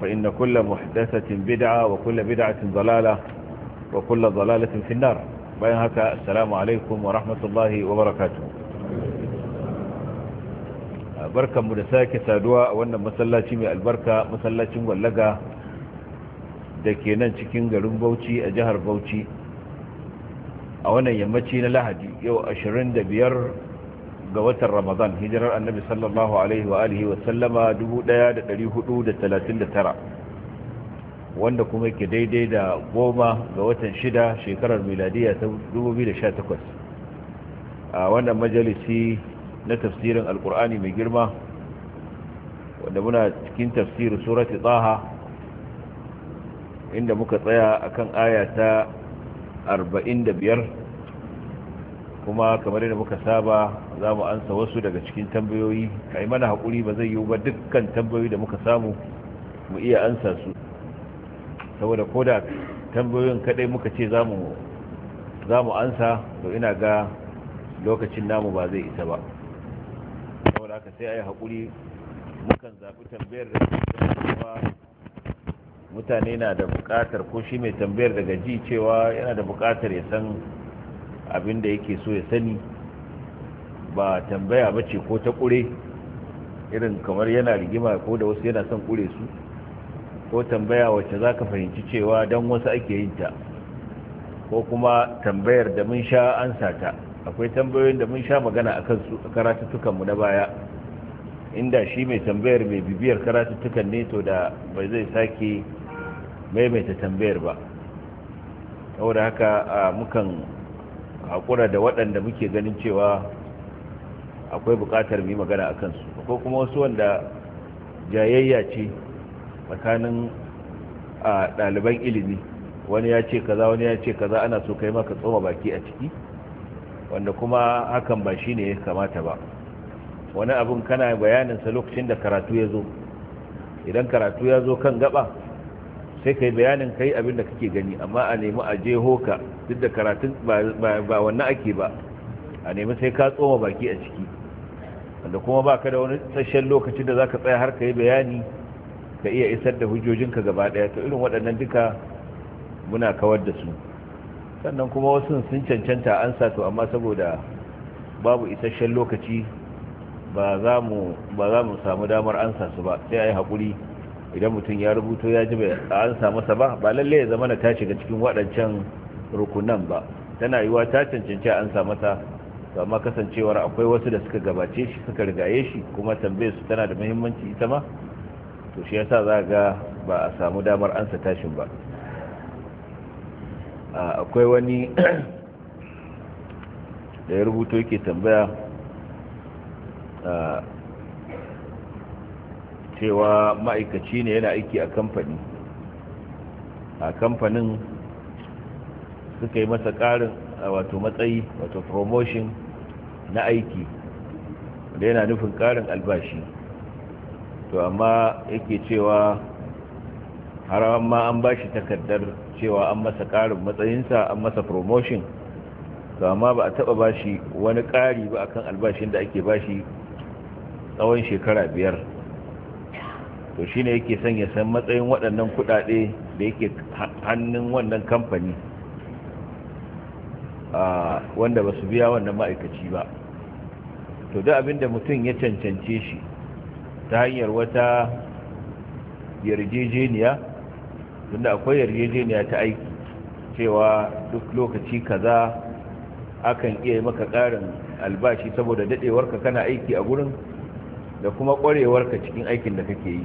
فإن كل محدثة بدعة وكل بدعة ضلالة وكل ضلالة في النار بيان هكا السلام عليكم ورحمة الله وبركاته بركة مدساكة سادوا وانا مسلاتي من البركة مسلاتي واللقى دكينا cikin garin Bauchi a jihar Bauchi a wannan yammaci na Lahadi yau 25 ga watan ramadan hijirar annabi sallallahu alaihi wa alihi wasallama 1439 wanda kuma yake daidai da goma ga watan shida shekarar miladiya ta 2018 a wannan majalisi na tafsirin alkur'ani mai girma wanda muna cikin tafsirin surati tsaha inda muka tsaya akan aya ta 45 kuma kamar yadda muka saba za mu ansa wasu daga cikin tambayoyi a yi mana haƙuri ba zai yiwu ba dukkan tambayoyi da muka samu mu iya ansa su saboda ko da tambayoyin kadai muka ce za mu ansa to ina ga lokacin namu ba zai isa ba saboda haka sai a yi haƙuri mukan zaɓi tambayar da kuma mutane na da buƙatar ko shi mai tambayar daga ji cewa yana da buƙatar ya san abin da yake so ya sani ba tambaya ba ce ko ta ƙure irin kamar yana rigima ko da wasu yana son kure su ko tambaya wacce za ka fahimci cewa don wasu ake yin ta ko kuma tambayar da mun sha an ta akwai tambayoyin da mun sha magana a kansu a karatuttukanmu na baya inda shi mai tambayar mai bibiyar karatuttukan ne to da bai zai sake maimaita tambayar ba saboda haka mukan haƙura da waɗanda muke ganin cewa akwai buƙatar mu yi magana a kansu ko kuma wasu wanda jayayya ce tsakanin ɗaliban ilimi wani ya ce kaza wani ya ce kaza ana so kai maka tsoma baki a ciki wanda kuma hakan ba shi ne ya kamata ba wani abin kana bayanin sa lokacin da karatu ya zo idan karatu ya zo kan gaba sai kai bayanin kai abin da kake gani amma a nemi a jeho ka duk da karatun ba wannan ake ba a nemi sai ka tsoma baki a ciki wanda kuma ba ka da wani sashen lokaci da za ka tsaya har ka yi bayani ka iya isar da hujjojinka gaba ɗaya to irin waɗannan duka muna kawar da su sannan kuma wasu sun cancanta an sa to amma saboda babu isasshen lokaci ba za mu samu damar ansa su ba sai a yi haƙuri idan mutum ya rubuto ya ji an samu sa ba ba lalle ya zama na ta shiga cikin waɗancan rukunan ba tana yiwa ta cancanci an samu sa to amma kasancewar akwai wasu da suka gabace shi suka rigaye shi kuma tambaye su tana da muhimmanci ita ma to shi yasa za ga ba a samu damar ansa tashin ba akwai wani da ya rubuto yake tambaya cewa ma'aikaci ne yana aiki a kamfani a kamfanin suka yi masa ƙarin wato matsayi wato promotion na aiki da yana nufin ƙarin albashi to amma yake cewa har ma an bashi takardar cewa an masa ƙarin matsayinsa an masa promotion to amma ba a taɓa bashi wani kari ba akan albashin da ake bashi tsawon shekara biyar to shi ne yake son ya san matsayin waɗannan kuɗaɗe da yake hannun wannan kamfani wanda ba su biya wannan ma'aikaci ba to da abinda mutum ya cancance shi ta hanyar wata yarjejeniya tunda akwai yarjejeniya ta aiki cewa duk lokaci kaza akan iya maka ƙarin albashi saboda daɗewarka kana aiki a gurin da kuma ƙwarewarka cikin aikin da kake yi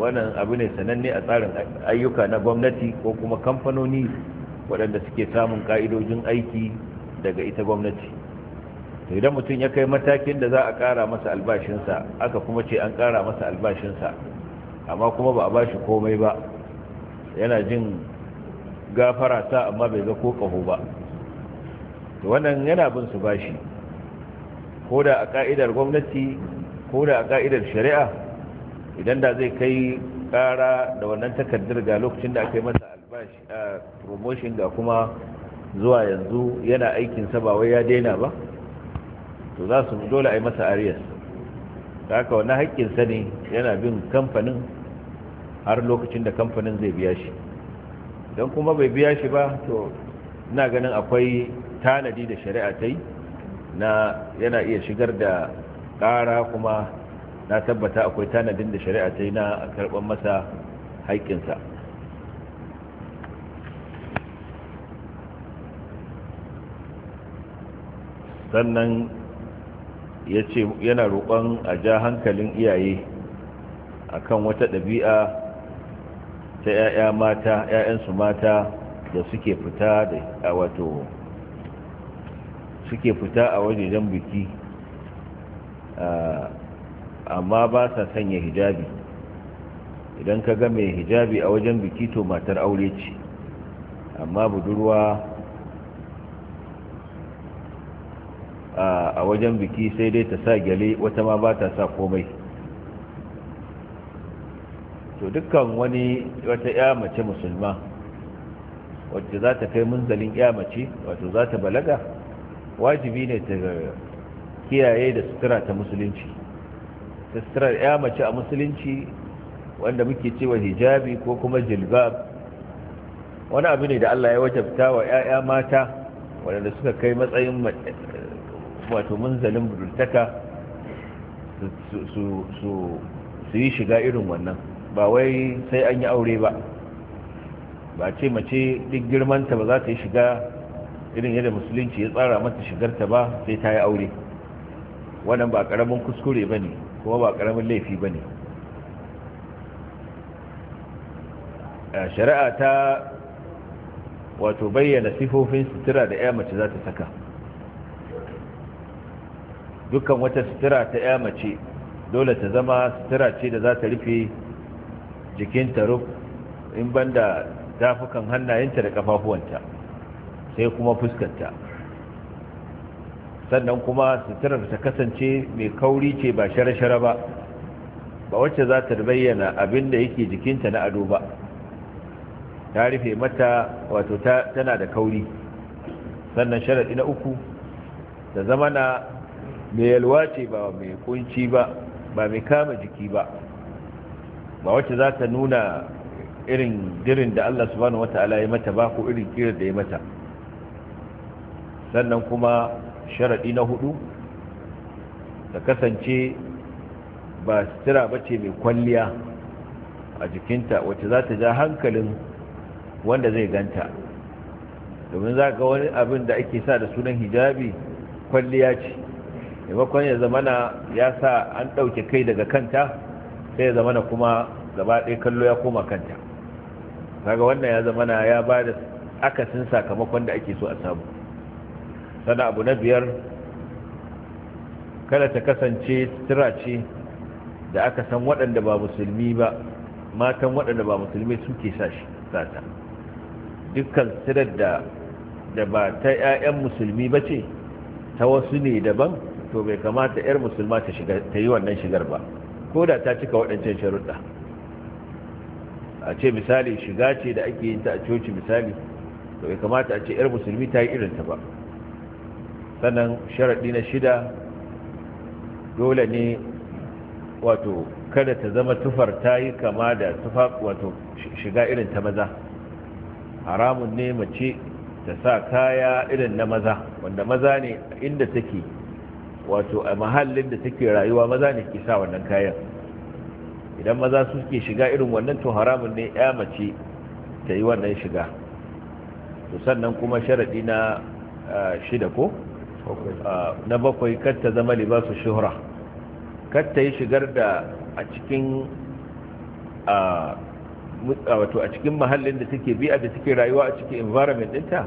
wannan abu ne sananne a tsarin ayyuka na gwamnati ko kuma kamfanoni waɗanda suke samun ƙa'idojin aiki daga ita gwamnati idan mutum ya kai matakin da za a ƙara masa albashinsa aka kuma ce an ƙara masa albashinsa amma kuma ba a bashi komai ba yana jin gafara ta amma bai ga ko ƙaho ba wannan yana bin su bashi ko da a ƙa'idar gwamnati ko da a ƙa'idar shari'a idan da zai kai kara da wannan takardar ga lokacin da aka yi masa albashi a promotion ga kuma zuwa yanzu yana aikinsa ba wai ya daina ba to za su dole a yi masa arias da haka wannan haƙƙinsa ne yana bin kamfanin har lokacin da kamfanin zai biya shi don kuma bai biya shi ba to ina ganin akwai tanadi da shari'a ta yi na yana iya shigar da kara kuma na tabbata akwai tanadin da shari'a ta yi na karɓar masa haƙƙinsa sannan ya ce yana roƙon a ja hankalin iyaye a kan wata ɗabi'a ta 'ya'ya mata 'ya'yansu mata da suke fita da a wato suke fita a wajejen biki amma ba sa sanya hijabi idan ka ga mai hijabi a wajen biki to matar aure ce amma budurwa a wajen biki sai dai ta sa gyale wata ma ba ta sa komai to dukkan wani wata ya mace musulma wacce za ta kai munzalin ya mace wato za ta balaga wajibi ne ta kiyaye da sutura ta musulunci suturar ya mace a musulunci wanda muke cewa hijabi ko kuma jilbab wani abu ne da Allah ya wajabta wa 'ya'ya mata waɗanda suka kai matsayin wato munzalin budurtaka su yi shiga irin wannan ba wai sai an yi aure ba ba ce mace duk girmanta ba za ta yi shiga irin yadda musulunci ya tsara mata shigarta ba sai ta yi aure wannan ba karamin kuskure ba ne kuma ba karamin laifi ba ne shari'a ta wato bayyana sifofin sutura da ya mace za ta saka dukkan wata sutura ta ya mace dole ta zama sutura ce da za ta rufe jikinta taruf in banda dafukan hannayenta da kafafuwanta sai kuma fuskanta sannan kuma suturar ta kasance mai kauri ce ba shara-shara ba ba wacce za ta bayyana abin da yake jikinta na ado ba ta rufe mata wato tana da kauri sannan sharaɗi na uku da zama na mai yalwa ce ba mai kunci ba ba mai kama jiki ba ba wacce za ta nuna irin dirin da Allah subhanahu wata'ala ya mata ba ko irin kirar da ya mata sannan kuma sharaɗi na hudu ta kasance ba sutura ba ce mai kwalliya a jikinta wacce za ta ja hankalin wanda zai ganta domin za ga wani abin da ake sa da sunan hijabi kwalliya ce maimakon ya zamana ya sa an ɗauke kai daga kanta sai ya zamana kuma gaba ɗaya kallo ya koma kanta kaga wannan ya zamana ya ba da akasin sakamakon da ake so a samu sana abu na biyar kada ta kasance sutura ce da aka san waɗanda ba musulmi ba matan waɗanda ba musulmi suke sata dukkan suturar da da ba ta 'ya'yan musulmi ba ce ta wasu ne daban to bai kamata 'yar musulma ta yi wannan shigar ba ko da ta cika waɗancan sharuɗa a ce misali shiga ce da ake yin ta a coci misali to bai kamata a ce 'yar musulmi ta yi irinta ba sannan sharaɗi na shida dole ne wato kada ta zama tufar ta yi kama da tufa wato shiga irin ta maza haramun ne mace ta sa kaya irin na maza wanda maza ne inda take wato a mahallin da take rayuwa maza ne ke sa wannan kayan idan maza suke shiga irin wannan to haramun ne ya mace ta yi wannan shiga to sannan kuma sharaɗi na ah, shida ko Ah, na bakwai katta zama libasu shuhura katta yi shigar da a cikin a wato a cikin mahallin da take bi'a da take rayuwa a cikin environment ɗinta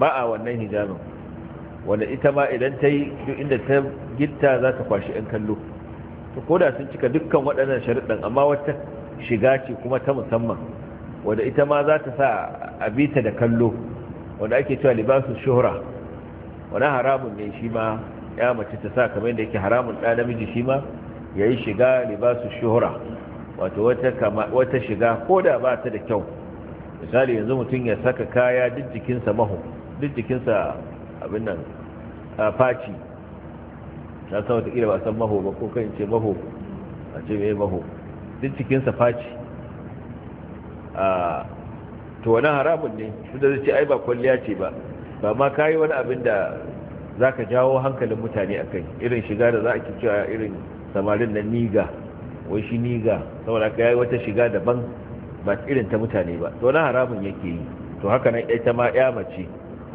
ba a wannan hijabin wanda ita ma idan ta yi duk inda ta gitta za ta kwashi 'yan kallo to koda sun cika dukkan waɗannan sharuɗin amma wata shiga ce kuma ta musamman wanda ita ma za ta sa a bita da kallo wanda ake cewa libasu shuhura. wani haramun ne shi ma ya mace ta sa kamar da yake haramun ɗa namiji shi ma ya yi shiga libasu shuhura wato wata shiga ko da ba ta da kyau misali yanzu mutum ya saka kaya duk jikinsa maho duk jikinsa abin nan faci na san watakila ba san maho ba ko kan ce maho a ce mai maho duk jikinsa faci to wani haramun ne su da zai ce ai ba kwalliya ce ba ba ma ka yi wani abin da za ka jawo hankalin mutane a kai irin shiga da za a cewa irin samarin na niga wai shi niga saboda ka yi wata shiga daban ba irin ta mutane ba to na haramun yake yi to haka nan ita ma ya mace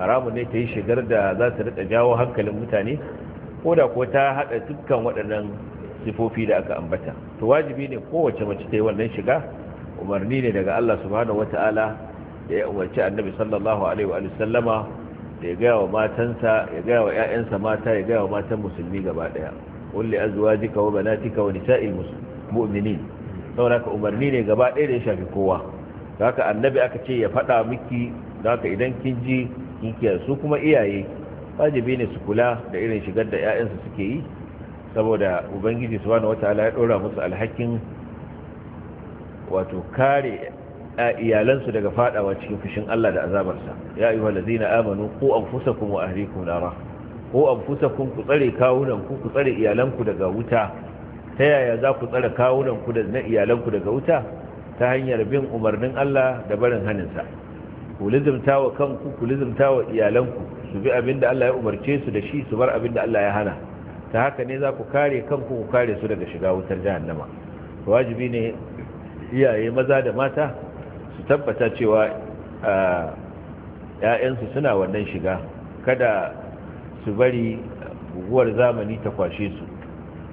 haramun ne ta yi shigar da za ta rika jawo hankalin mutane ko da ko ta haɗa dukkan waɗannan sifofi da aka ambata to wajibi ne kowace mace ta yi wannan shiga umarni ne daga Allah subhanahu wataala da ya umarci annabi sallallahu alaihi wa sallama da ya gaya wa matansa ya gaya wa 'ya'yansa mata ya gaya wa matan musulmi gaba daya kulli azwajika wa banatika wa nisa'il mu'minin saboda ka umarni ne gaba daya da ya shafi kowa haka annabi aka ce ya faɗa miki haka idan kin ji kinkiyar su kuma iyaye wajibi ne su kula da irin shigar da 'ya'yansa suke yi saboda ubangiji subhanahu wataala ya dora musu alhakin wato kare iyalansu daga fadawa cikin fushin Allah da azabarsa ya ayyuha allazina amanu qu anfusakum wa ahlikum nara qu anfusakum ku tsare kawunanku ku tsare iyalanku daga wuta ta yaya za ku tsare kawunanku da na iyalanku daga wuta ta hanyar bin umarnin Allah da barin haninsa ku lizumta wa kanku ku lizumta wa iyalanku su bi abin da Allah ya umarce su da shi su bar abin da Allah ya hana ta haka ne za ku kare kanku ku kare su daga shiga wutar jahannama wajibi ne iyaye maza da mata su tabbata cewa ‘ya'yansu suna wannan shiga kada su bari guguwar zamani ta kwashe su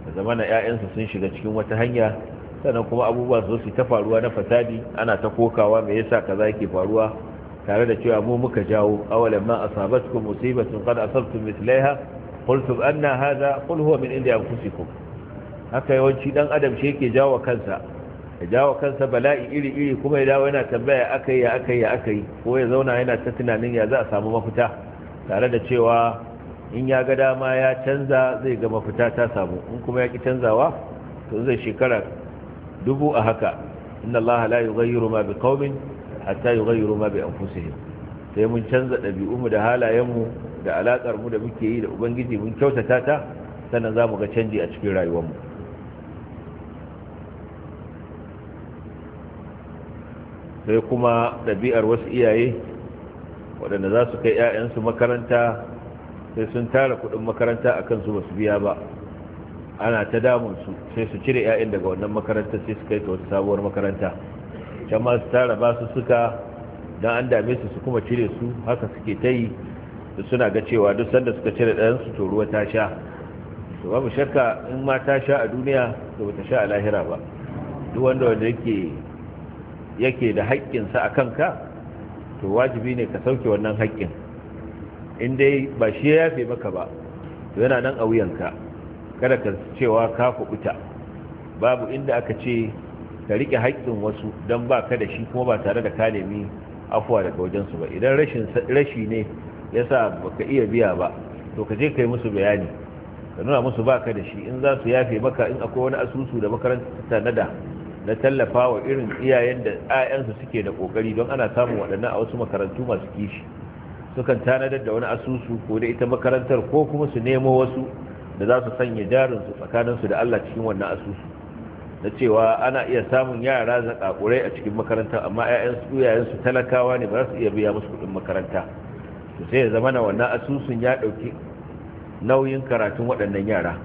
da zamanin ‘ya'yansu sun shiga cikin wata hanya sannan kuma abubuwan su su ta faruwa na fasadi ana ta kokawa mai yasa kaza yake faruwa tare da cewa mu muka jawo awalan ma asabatkum musibatun qad asabtum mithlaiha qultum an na haza kulhuwa min indi ku haka yawanci dan adam shi yake jawo kansa ya jawo kansa bala'i iri-iri kuma ya dawo yana tambaya aka yi ya aka yi ya aka yi ko ya zauna yana ta tunanin ya za a samu mafita tare da cewa in ya ga dama ya canza zai ga mafita ta samu in kuma ya ki canzawa to zai shekara dubu a haka inna allaha la yughayyiru ma biqaumin hatta yughayyiru ma bi anfusihim sai mun canza dabi'u mu da halayen mu da mu da muke yi da ubangiji mun kyautata ta sannan zamu ga canji a cikin rayuwar mu. sai kuma ɗabi'ar wasu iyaye waɗanda za su kai 'ya'yansu makaranta sai sun tara kuɗin makaranta a kansu ba su biya ba ana ta damunsu sai su cire 'ya'yan daga wannan makaranta sai su kai ta wata sabuwar makaranta can ma su tara ba su suka don an dame su su kuma cire su haka suke ta yi da suna ga cewa duk sanda suka cire ɗayansu to ruwa ta sha to babu shakka in ma ta sha a duniya to ba ta sha a lahira ba duk wanda wanda yake yake da haƙƙinsa a kanka to wajibi ne ka sauke wannan haƙƙin in dai ba shi ya yafe maka ba to yana nan a wuyanka kada ka cewa ka kuɓuta babu inda aka ce ka riƙe haƙƙin wasu don ba ka da shi kuma ba tare da ka nemi afuwa daga wajensu ba idan rashi ne ya sa ba ka iya biya ba to ka je ka yi musu bayani ka nuna musu ba ka da shi in za su yafe maka in akwai wani asusu da makarantar tanada na tallafa wa irin iyayen da 'ya'yansu suke da kokari don ana samun waɗannan a wasu makarantu masu kishi sukan tanadar da wani asusu ko da ita makarantar ko kuma su nemo wasu da za su sanya jarinsu tsakaninsu da Allah cikin wannan asusu na cewa ana iya samun yara zakakurai a cikin makaranta amma 'ya'yansu iyayensu talakawa ne ba za su iya biya musu kuɗin makaranta to sai ya zama na wannan asusun ya ɗauki nauyin karatun waɗannan yara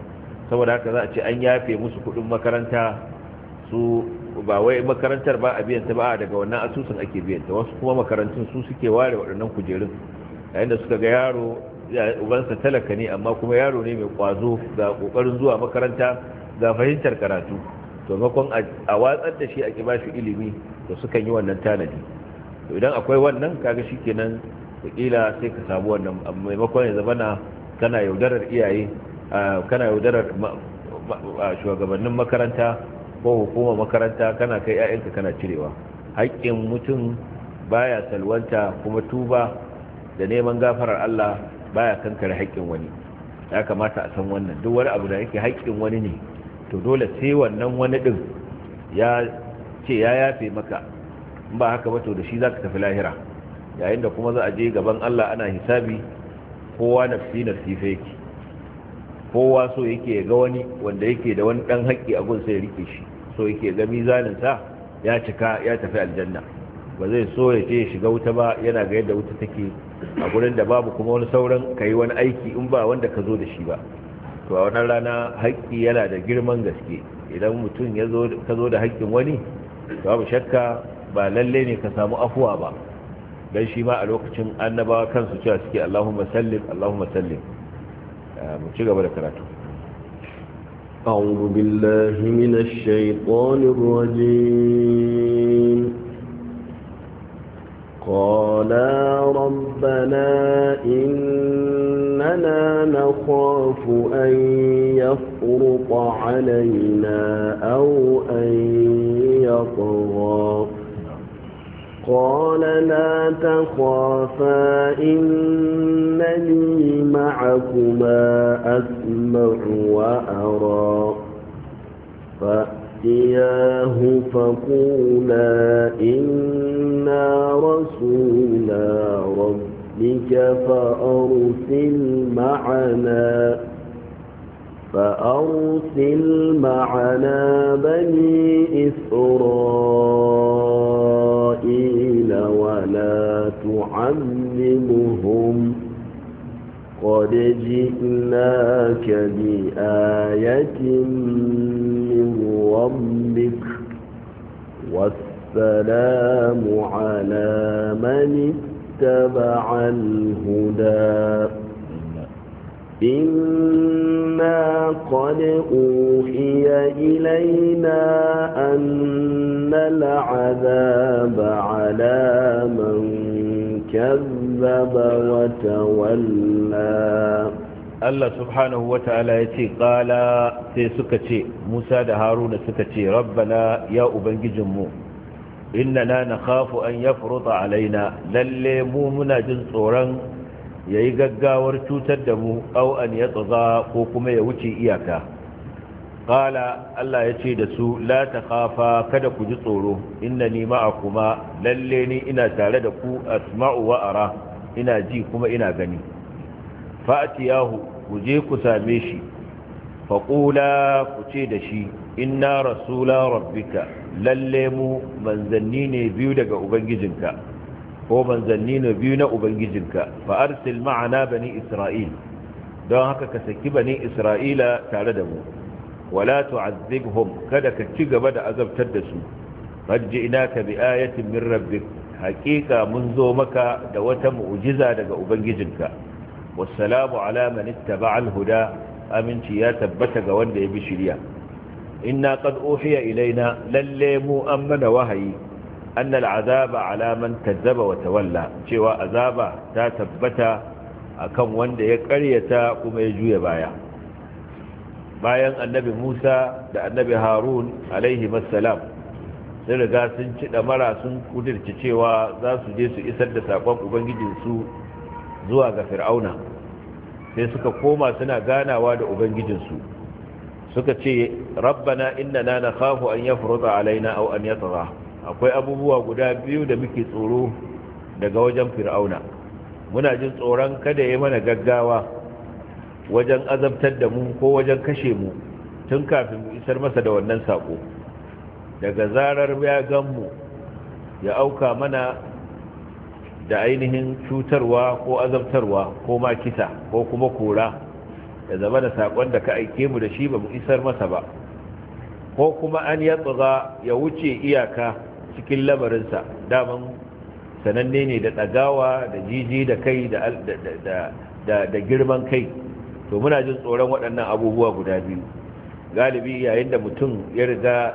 saboda haka za a ce an yafe musu kuɗin makaranta su ba wai makarantar ba a biyan ta ba daga wannan asusun ake biyan ta wasu kuma makarantun su suke ware waɗannan kujerun yayin da suka ga yaro ubansa talaka ne amma kuma yaro ne mai kwazo ga kokarin zuwa makaranta ga fahimtar karatu to makon a watsar da shi a kiba shi ilimi to sukan yi wannan tanadi to idan akwai wannan kaga shikenan wakila sai ka samu wannan maimakon ya zamana kana yaudarar iyaye kana yaudarar shugabannin makaranta ko hukumar makaranta kana kai 'ya'yanka kana cirewa haƙƙin mutum baya salwanta kuma tuba da neman gafarar Allah baya kankare haƙƙin wani ya kamata a san wannan duk wani abu da yake haƙƙin wani ne to dole sai wannan wani din ya ce ya yafe maka in ba haka ba to da shi zaka tafi lahira yayin da kuma za a je gaban Allah ana hisabi kowa nafsi nafsi fa kowa so yake ga wani wanda yake da wani dan haƙƙi a gunsa ya rike shi so yake ga mizanin sa ya cika ya tafi aljanna ba zai so ya ce shiga wuta ba yana ga yadda wuta take a gurin da babu kuma wani sauran ka yi wani aiki in ba wanda ka zo da shi ba to a wannan rana haƙƙi yana da girman gaske idan mutum ka zo da haƙƙin wani babu shakka ba lalle ne ka samu afuwa ba don shi ma a lokacin annabawa kansu cewa suke allahumma sallim allahumma sallim eh, mu ci gaba da karatu أعوذ بالله من الشيطان الرجيم قالا ربنا إننا نخاف أن يفرط علينا أو أن يطغى قال لا تخافا إنني معكما أسمع وأرى فأتياه فقولا إنا رسولا ربك فأرسل معنا فأرسل معنا بني إسرائيل ولا تعذبهم قد جئناك بآية من ربك والسلام على من اتبع الهدى إنا قد أوحي إلينا أن العذاب على من كذب وتولى Allah subhanahu wa ta'ala ya ce ƙala sai suka ce Musa da Haruna suka ce rabbana ya ubangijinmu inna na na kafu an ya furuta alaina lalle mu muna jin tsoron ya yi gaggawar cutar da mu au an ya tsaza ko kuma ya wuce iyaka ƙala Allah ya ce da su la ta kafa kada ku ji tsoro inda ni a kuma lalle ni ina tare da ku asma'u wa ara ina ji kuma ina gani fa'ati yahu ku je ku same shi faƙula ku ce da shi inna rasula rabbika lalle mu manzanni ne biyu daga ubangijinka ko manzanni na biyu na ubangijinka fa arsil ma'ana bani isra'il don haka ka saki bani isra'ila tare da mu wala tu'azzibhum kada ka ci gaba da azabtar da su ina ka bi ayatin min rabbik haqiqa mun zo maka da wata mu'jiza daga ubangijinka wassalamu ala man ittaba'a al-huda aminci ya tabbata ga wanda ya bi shiriya inna qad uhiya ilaina lalle mu an mana wahayi أن wa tawalla cewa azaba ta tabbata akan wanda ya karyata kuma ya juya baya. bayan annabi Musa da annabi Harun alaihi masalam sun riga sun ci ɗamara sun kudirci cewa za su je su isar da saƙon ubangijinsu zuwa ga fir'auna sai suka koma suna ganawa da ubangijinsu suka ce rabbana na nakhafu an yafruta alaina au an yatgha akwai abubuwa guda biyu da muke tsoro daga wajen fir'auna muna jin tsoron kada ya mana gaggawa wajen azabtar da mu ko wajen kashe mu tun kafin mu isar masa da wannan sako daga zarar ya gan ya auka mana da ainihin cutarwa ko azabtarwa ko ma kisa ko kuma kora ya zama da sakon da ka aike mu da shi ba mu isar masa ba ko kuma an ya ya wuce iyaka cikin labarinsa daman sananne ne da ɗagawa da jiji da kai da girman kai to muna jin tsoron waɗannan abubuwa guda biyu galibi yayin da mutum ya riga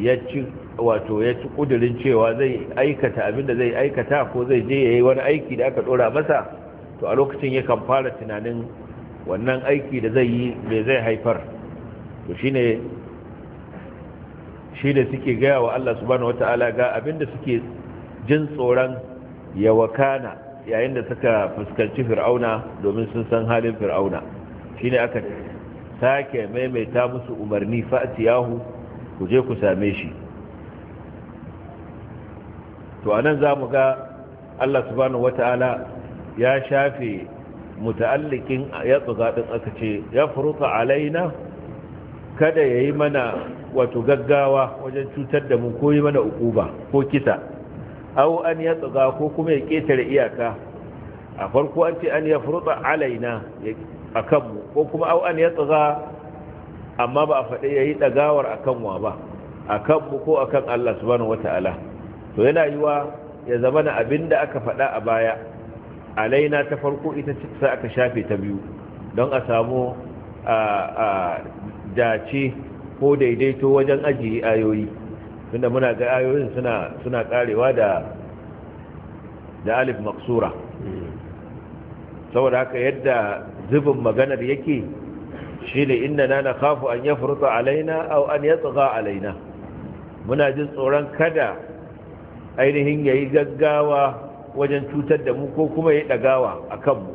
ya ci wato ya ci kudirin cewa zai aikata abinda zai aikata ko zai je ya yi wani aiki da aka ɗora masa to a lokacin yakan fara tunanin wannan aiki da zai yi mai zai haifar to shine shi da suke gaya wa Allah subhanahu wata'ala ga abin da suke jin tsoron yawakana yayin da suka fuskanci fir'auna domin sun san halin fir'auna shine aka sake maimaita musu umarni yahu ku je ku same shi to anan mu ga Allah subhanahu wata'ala ya shafe muta'allikin ya tsuga aka ce ya furuka, alaina kada yayi mana wato gaggawa wajen cutar da mu koyi mana ukuba ko kisa aw an ya tsaga ko kuma ya ketare iyaka a farko an ce an ya furta alaina a kanmu ko kuma aw an ya tsaga amma ba a faɗi ya yi ɗagawar a ba a kanmu ko a kan Allah subhanahu wata'ala to yana yiwa ya zama na abin da aka faɗa a baya alaina ta farko ita ce sai aka shafe ta biyu don a samu dace ko daidaito wajen ajiye ayoyi tunda muna ga ayoyin suna suna karewa da da alif maksura saboda haka yadda zubin maganar yake shine inna na khafu an yafruta alaina aw an yatgha alaina muna jin tsoron kada ainihin yayi gaggawa wajen cutar da mu ko kuma yayi dagawa akan mu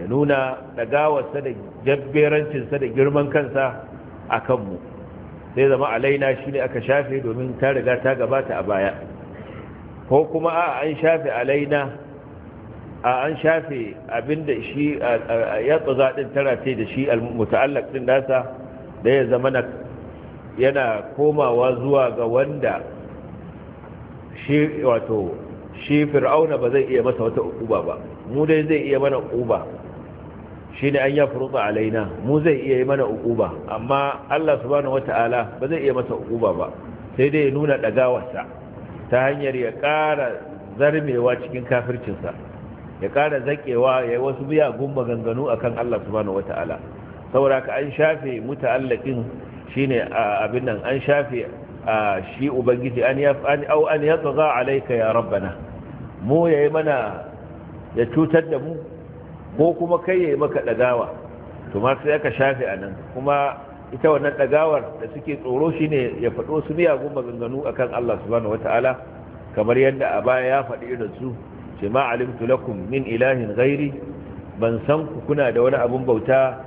ya nuna dagawarsa da jabberancinsa da girman kansa a kanmu sai zama alaina shi ne aka shafe domin ta riga ta gabata a baya ko kuma a an shafe alaina a an shafe abinda shi ya tsazaɗin tara ce da shi muta'allak ɗin nasa da ya zama na yana komawa zuwa ga wanda shi wato shi fir'auna ba zai iya masa wata uba ba mu dai zai iya mana uba shine an ya furuɓa alaina mu zai iya yi mana ukuba amma Allah subhanahu wataala ba zai iya masa ukuba ba sai dai ya nuna dagawarsa ta hanyar ya ƙara zarmewa cikin kafircinsa ya ƙara zakewa ya yi wasu biya gumba ganganu akan Allah subhanahu wataala saboda ka an shafe muta'allakin shine abin nan an shafe shi ubangiji an yi an yatsa ya rabbana mu yayi mana ya cutar da mu ko kuma kai ya yi maka ɗagawa to ma sai aka shafe a nan kuma ita wannan ɗagawar da suke tsoro shine ya faɗo su miyagun maganganu kan Allah subhanahu wata'ala kamar yadda a baya ya faɗi irin su ce ma alimtu lakum min ilahin ghairi ban san ku kuna da wani abun bauta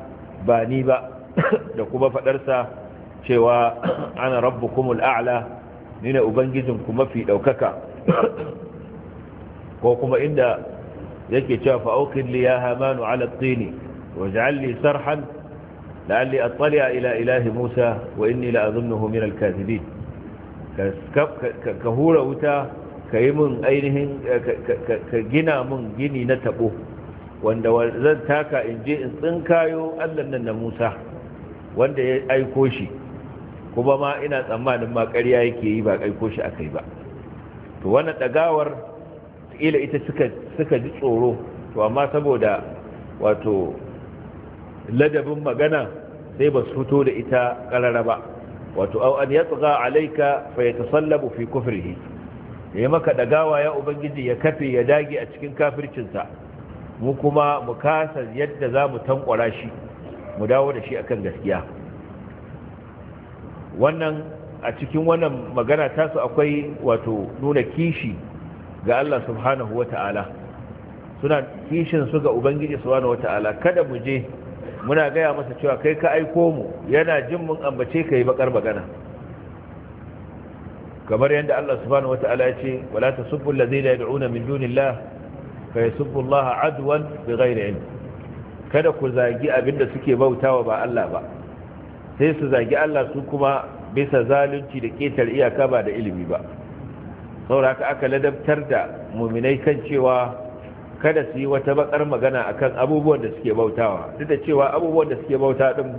ba ni ba da kuma faɗarsa cewa ana rabbukumul a'la ni ne ubangijinku mafi ɗaukaka ko kuma inda yake cewa fao auqid li ya hamanu ala at-tin waj'al sarhan la'alli ila ilahi Musa wa inni la azunnuhu min ka hura wuta ka yi mun ainihin ka gina mun gini na tabo wanda zan taka in je in tsinkayo Allah nan na Musa wanda ya aiko shi kuma ma ina tsammanin ma ƙarya yake yi ba aiko shi akai ba to wannan dagawar ila ita suka ji tsoro to amma saboda wato ladabin magana sai ba su fito da ita karara ba wato au an yatsa alaika fa yatasallabu fi kufrihi ya maka dagawa ya ubangiji ya kafe ya dage a cikin kafircinsa mu kuma mu kasa yadda za mu tankwara shi mu dawo da shi akan gaskiya wannan a cikin wannan magana tasu akwai wato nuna kishi ga Allah subhanahu ta'ala suna kishin su ga ubangiji subhanahu ta'ala kada mu je muna gaya masa cewa kai ka aiko mu yana jin mun ambace yi bakar bagana kamar yadda Allah subhanahu ta'ala ya ce wala tasubbu allazina yad'una min dunillah fa yasubbu Allah adwan bighairi ilm kada ku zagi abinda suke bautawa ba Allah ba sai su zagi Allah su kuma bisa zalunci da ketar iyaka ba da ilimi ba saboda aka ladabtar da muminai kan cewa kada su yi wata bakar magana akan abubuwan da suke bautawa duk da cewa abubuwan da suke bauta din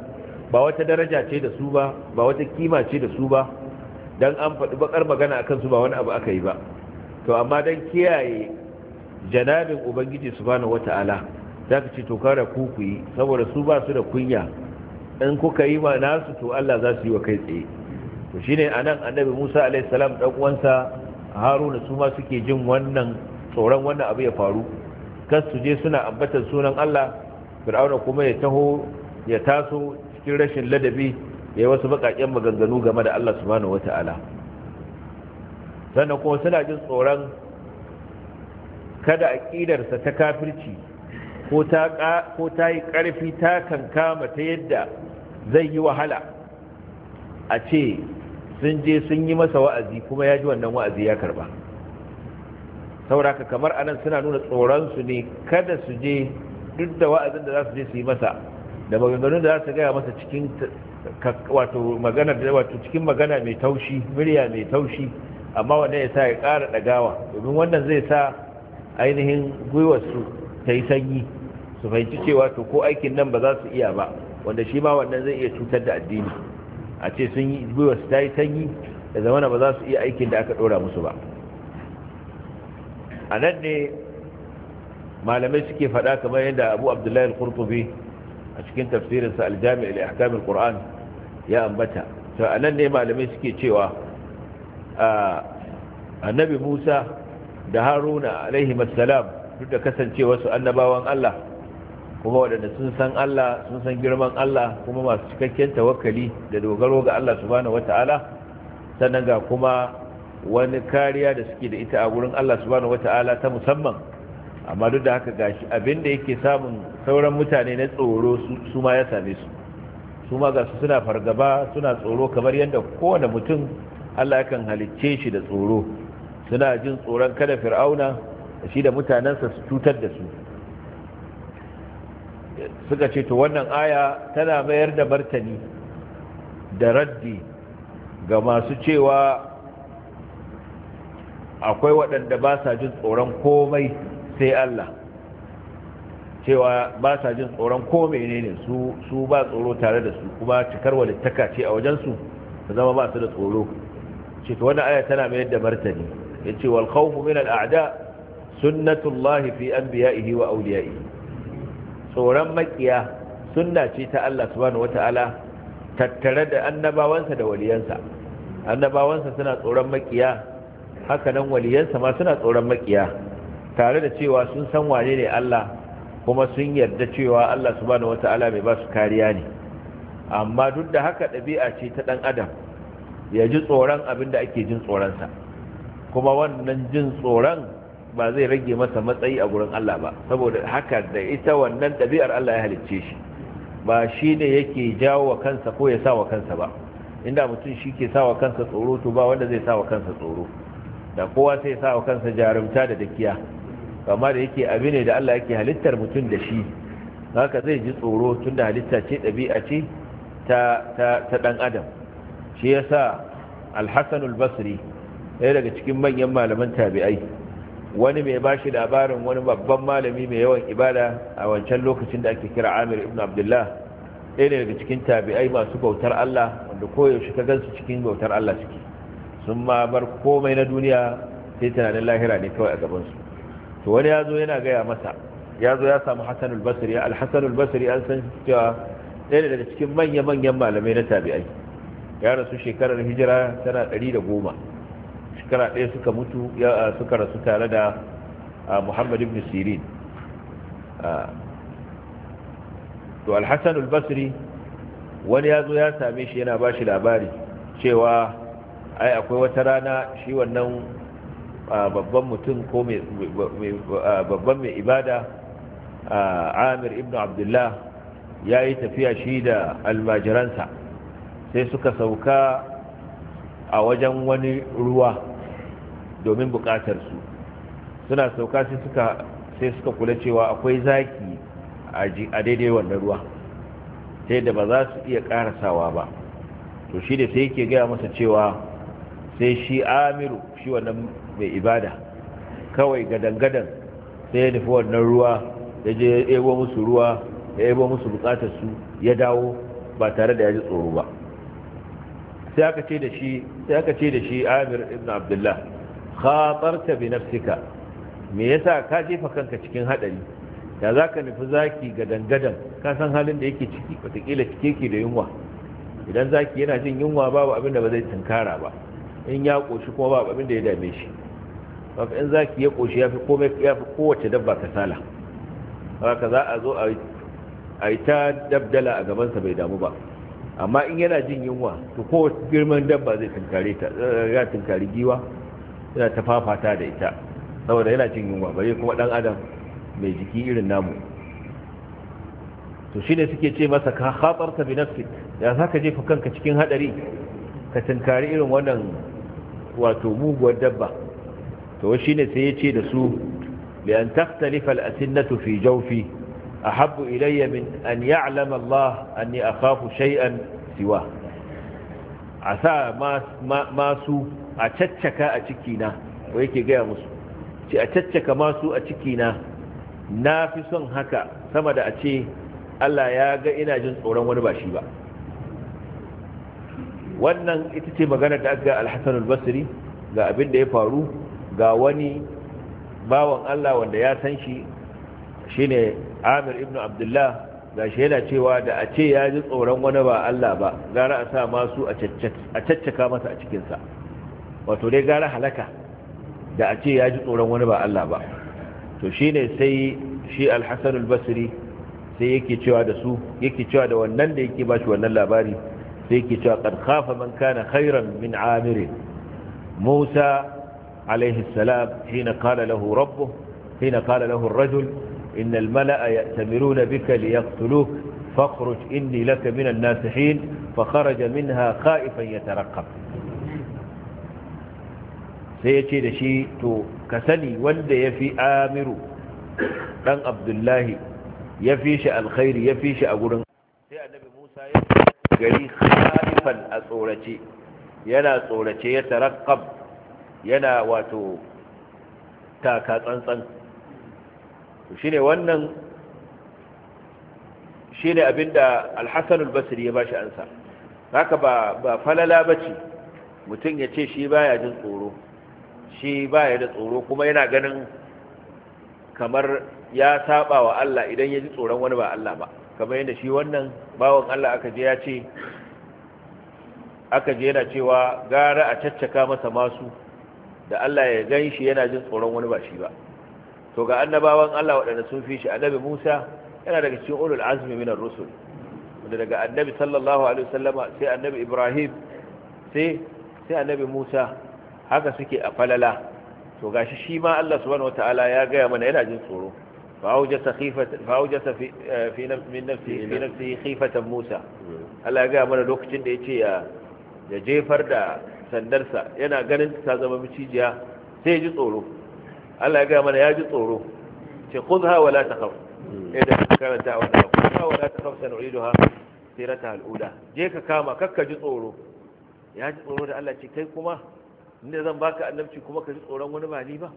ba wata daraja ce da su ba ba wata kima ce da su ba dan an faɗi bakar magana akan su ba wani abu aka yi ba to amma dan kiyaye janabin ubangiji subhanahu wata'ala zaka ce to kare ku ku yi saboda su ba su da kunya in kuka yi ma nasu to Allah za su yi wa kai tsaye to shine anan annabi Musa alaihi salam dan uwansa haruna su ma suke jin wannan tsoron wannan abu ya faru kan su je suna ambatar sunan Allah fir'auna kuma ya taho ya taso cikin rashin ladabi ya yi wasu bakaken maganganu game da Allah subhanahu wata'ala sannan kuma suna jin tsoron kada sa ta kafirci ko ta yi ƙarfi ta kankama ta yadda zai yi wahala a ce sun je sun yi masa wa'azi kuma ya ji wannan wa'azi ya karba sauraka kamar anan suna nuna tsoronsu ne kada su je duk da wa'azin da za su je su yi masa da maganganun da za su gaya masa cikin wato magana wato cikin magana mai taushi murya mai taushi amma wannan ya sa ya kara ɗagawa domin wannan zai sa ainihin gwiwarsu ta yi sanyi su fahimci cewa to ko aikin nan ba za su iya ba wanda shi ma wannan zai iya cutar da addini a ce sun yi gwiwa su ta yi tanyi da zamana ba za su iya aikin da aka ɗora musu ba a nan ne malamai suke faɗa kamar yadda abu abdullahi al-kurtubi a cikin tafsirinsa aljami'ar al qur'an ya ambata to a nan ne malamai suke cewa annabi musa da haruna alaihi duk da kasancewa su annabawan allah kuma waɗanda sun san Allah sun san girman Allah kuma masu cikakken tawakkali da dogaro ga Allah subhanahu wata'ala sannan ga kuma wani kariya da suke da ita a wurin Allah subhanahu wata'ala ta musamman amma duk da haka gashi abin da yake samun sauran mutane na tsoro su ma ya same su su ma ga su suna fargaba suna tsoro kamar yadda kowane mutum Allah kan halicce shi da tsoro suna jin tsoron kada fir'auna shi da mutanensa su cutar da su suka ce to wannan aya tana mayar da martani da raddi ga masu cewa akwai waɗanda ba sa jin tsoron komai sai Allah cewa ba sa jin tsoron komai ne ne su ba tsoro tare da su kuma cikar walittaka ce a wajensu su zama ba su da tsoro ce ta wani aya tana mayar da martani ya ce wal min al'ada sunnatullahi fi an biya ihi wa ihi tsoron makiya sun ce ta Allah subhanahu wata'ala tattare da annabawansa da waliyansa annabawansa suna tsoron makiya haka waliyansa ma suna tsoron makiya tare da cewa sun san wane ne Allah kuma sun yarda cewa Allah subhanahu wata'ala mai ba su kariya ne amma duk da haka ɗabi'a ce ta ɗan adam ya ji tsoron abin da ake jin tsoronsa kuma wannan jin tsoron ba zai rage masa matsayi a gurin Allah ba saboda haka da ita wannan ɗabi'ar Allah ya halicce shi ba shi ne yake jawo wa kansa ko ya sa wa kansa ba inda mutum shi ke sa wa kansa tsoro to ba wanda zai sa wa kansa tsoro da kowa sai sa wa kansa jarumta da dakiya amma da yake abi ne da Allah yake halittar mutum da shi haka zai ji tsoro tun da halitta ce ɗabi'a ce ta ɗan adam shi ya sa alhassanul basri ɗaya daga cikin manyan malaman tabi'ai wani mai bashi labarin wani babban malami mai yawan ibada a wancan lokacin da ake kira amir ibn abdullah ɗaya daga cikin tabi'ai masu bautar Allah wanda koyaushe ka gansu cikin bautar Allah ciki sun ma bar komai na duniya sai tunanin lahira ne kawai a gabansu to wani ya zo yana gaya masa ya zo ya samu hassanul basri alhassanul basri an san cewa ɗaya daga cikin manya-manyan malamai na tabi'ai ya rasu shekarar hijira tana ɗari da goma shekara ɗaya suka mutu suka rasu tare da muhammad ibn sirin to alhassan albasri wani ya zo ya same shi yana ba shi labari cewa ai akwai wata rana shi wannan babban mutum ko babban mai ibada amir ibn abdullah ya yi tafiya shi da almajiransa sai suka sauka a wajen wani ruwa domin su, suna sauka sai suka sai suka kula cewa akwai zaki a daidai wannan ruwa ta yadda ba za su iya karasawa ba to shi da sai yake gaya masa cewa sai shi amiru shi wannan mai ibada kawai gadangadan sai ya nufi wannan ruwa ya je ebo musu ruwa ya ebo musu bukatarsu ya dawo ba tare da ya ji tsoro ba sai aka ce da shi amir ibn abdullah khatarta bi nafsika me yasa ka jefa kanka cikin hadari da zaka nufi zaki ga dangadan ka san halin da yake ciki wataƙila cike ke da yunwa idan zaki yana jin yunwa babu abin da ba zai tunkara ba in ya koshi kuma babu abin da ya dame shi haka in zaki ya koshi yafi komai yafi kowace dabba kasala haka za a zo a yi ta dabdala a gabansa bai damu ba amma in yana jin yunwa to kowace girman dabba zai tunkare ta eh, ya tunkari giwa yana ta fafata da ita saboda yana cin yunwa bare kuma dan adam mai jiki irin namu to shine suke ce masa ka khatarta bi nafsi ya zaka jefa kanka cikin hadari ka tinkari irin wannan wato muguwar dabba to shine sai ya ce da su bi an takhtalifa al-asinnatu fi jawfi ahabbu ilayya min an ya'lama Allah anni akhafu shay'an siwa asa ma su. a caccaka a cikina wa yake gaya musu ce a caccaka masu a cikina na fi son haka sama da a ce Allah ya ga ina jin tsoron wani ba shi ba wannan ita ce magana da aka ga alhassan albasiri ga abin da ya faru ga wani bawan Allah wanda ya san shi shine amir ibn abdullah ga shi yana cewa da a ce ya ji tsoron wani ba Allah ba gara a sa masu a caccaka masa a cikinsa wato dai gara halaka da a ce ya ji tsoron wani ba Allah ba to shine sai shi al basri sai yake cewa da su yake cewa da wannan da yake bashi wannan labari sai yake cewa karkafa khafa man kana khairan min amir Musa alayhi salam hina qala lahu rabbuh hina qala lahu ar-rajul إن الملأ يأتمرون بك ليقتلوك فاخرج إني لك من الناسحين فخرج منها ya يترقب sai ya ce da shi to ka sani wanda ya fi amiru ɗan abdullahi ya fi shi alkhairi ya fi shi a gurin sai annabi musa ya gari khalifan a tsorace yana tsorace ya tarakkab yana wato taka tsantsan shi ne wannan shi abinda alhassan albasiri ya ba shi ansa haka ba falala ba ce mutum ya ce shi baya jin tsoro shi ba ya da tsoro kuma yana ganin kamar ya saba wa Allah idan ya ji tsoron wani ba Allah ba kamar yadda shi wannan bawan Allah aka je ya ce aka je yana cewa gara a caccaka masa masu da Allah ya gan shi yana jin tsoron wani ba shi ba to ga annabawan Allah waɗanda sun fi shi annabi Musa yana daga cikin ulul azmi min ar-rusul wanda daga annabi sallallahu alaihi wasallama sai annabi Ibrahim sai sai annabi Musa haka suke a falala to gashi shi ma Allah subhanahu wataala ya gaya mana yana jin tsoro fa خيفة فأوجس في في من نفسه Allah ya gaya mana lokacin da ya ce ya jefar da sandarsa yana ganin ta zama macijiya sai ji tsoro Allah ya gaya mana ya ji tsoro ce khudha wa la takhaf idan ka karanta a wannan khudha wa la takhaf sanu'iduha sirata al'ula je ka kama kakka ji tsoro ya ji tsoro da Allah ce kai kuma inda zan baka annabci kuma ka ji tsoron wani ba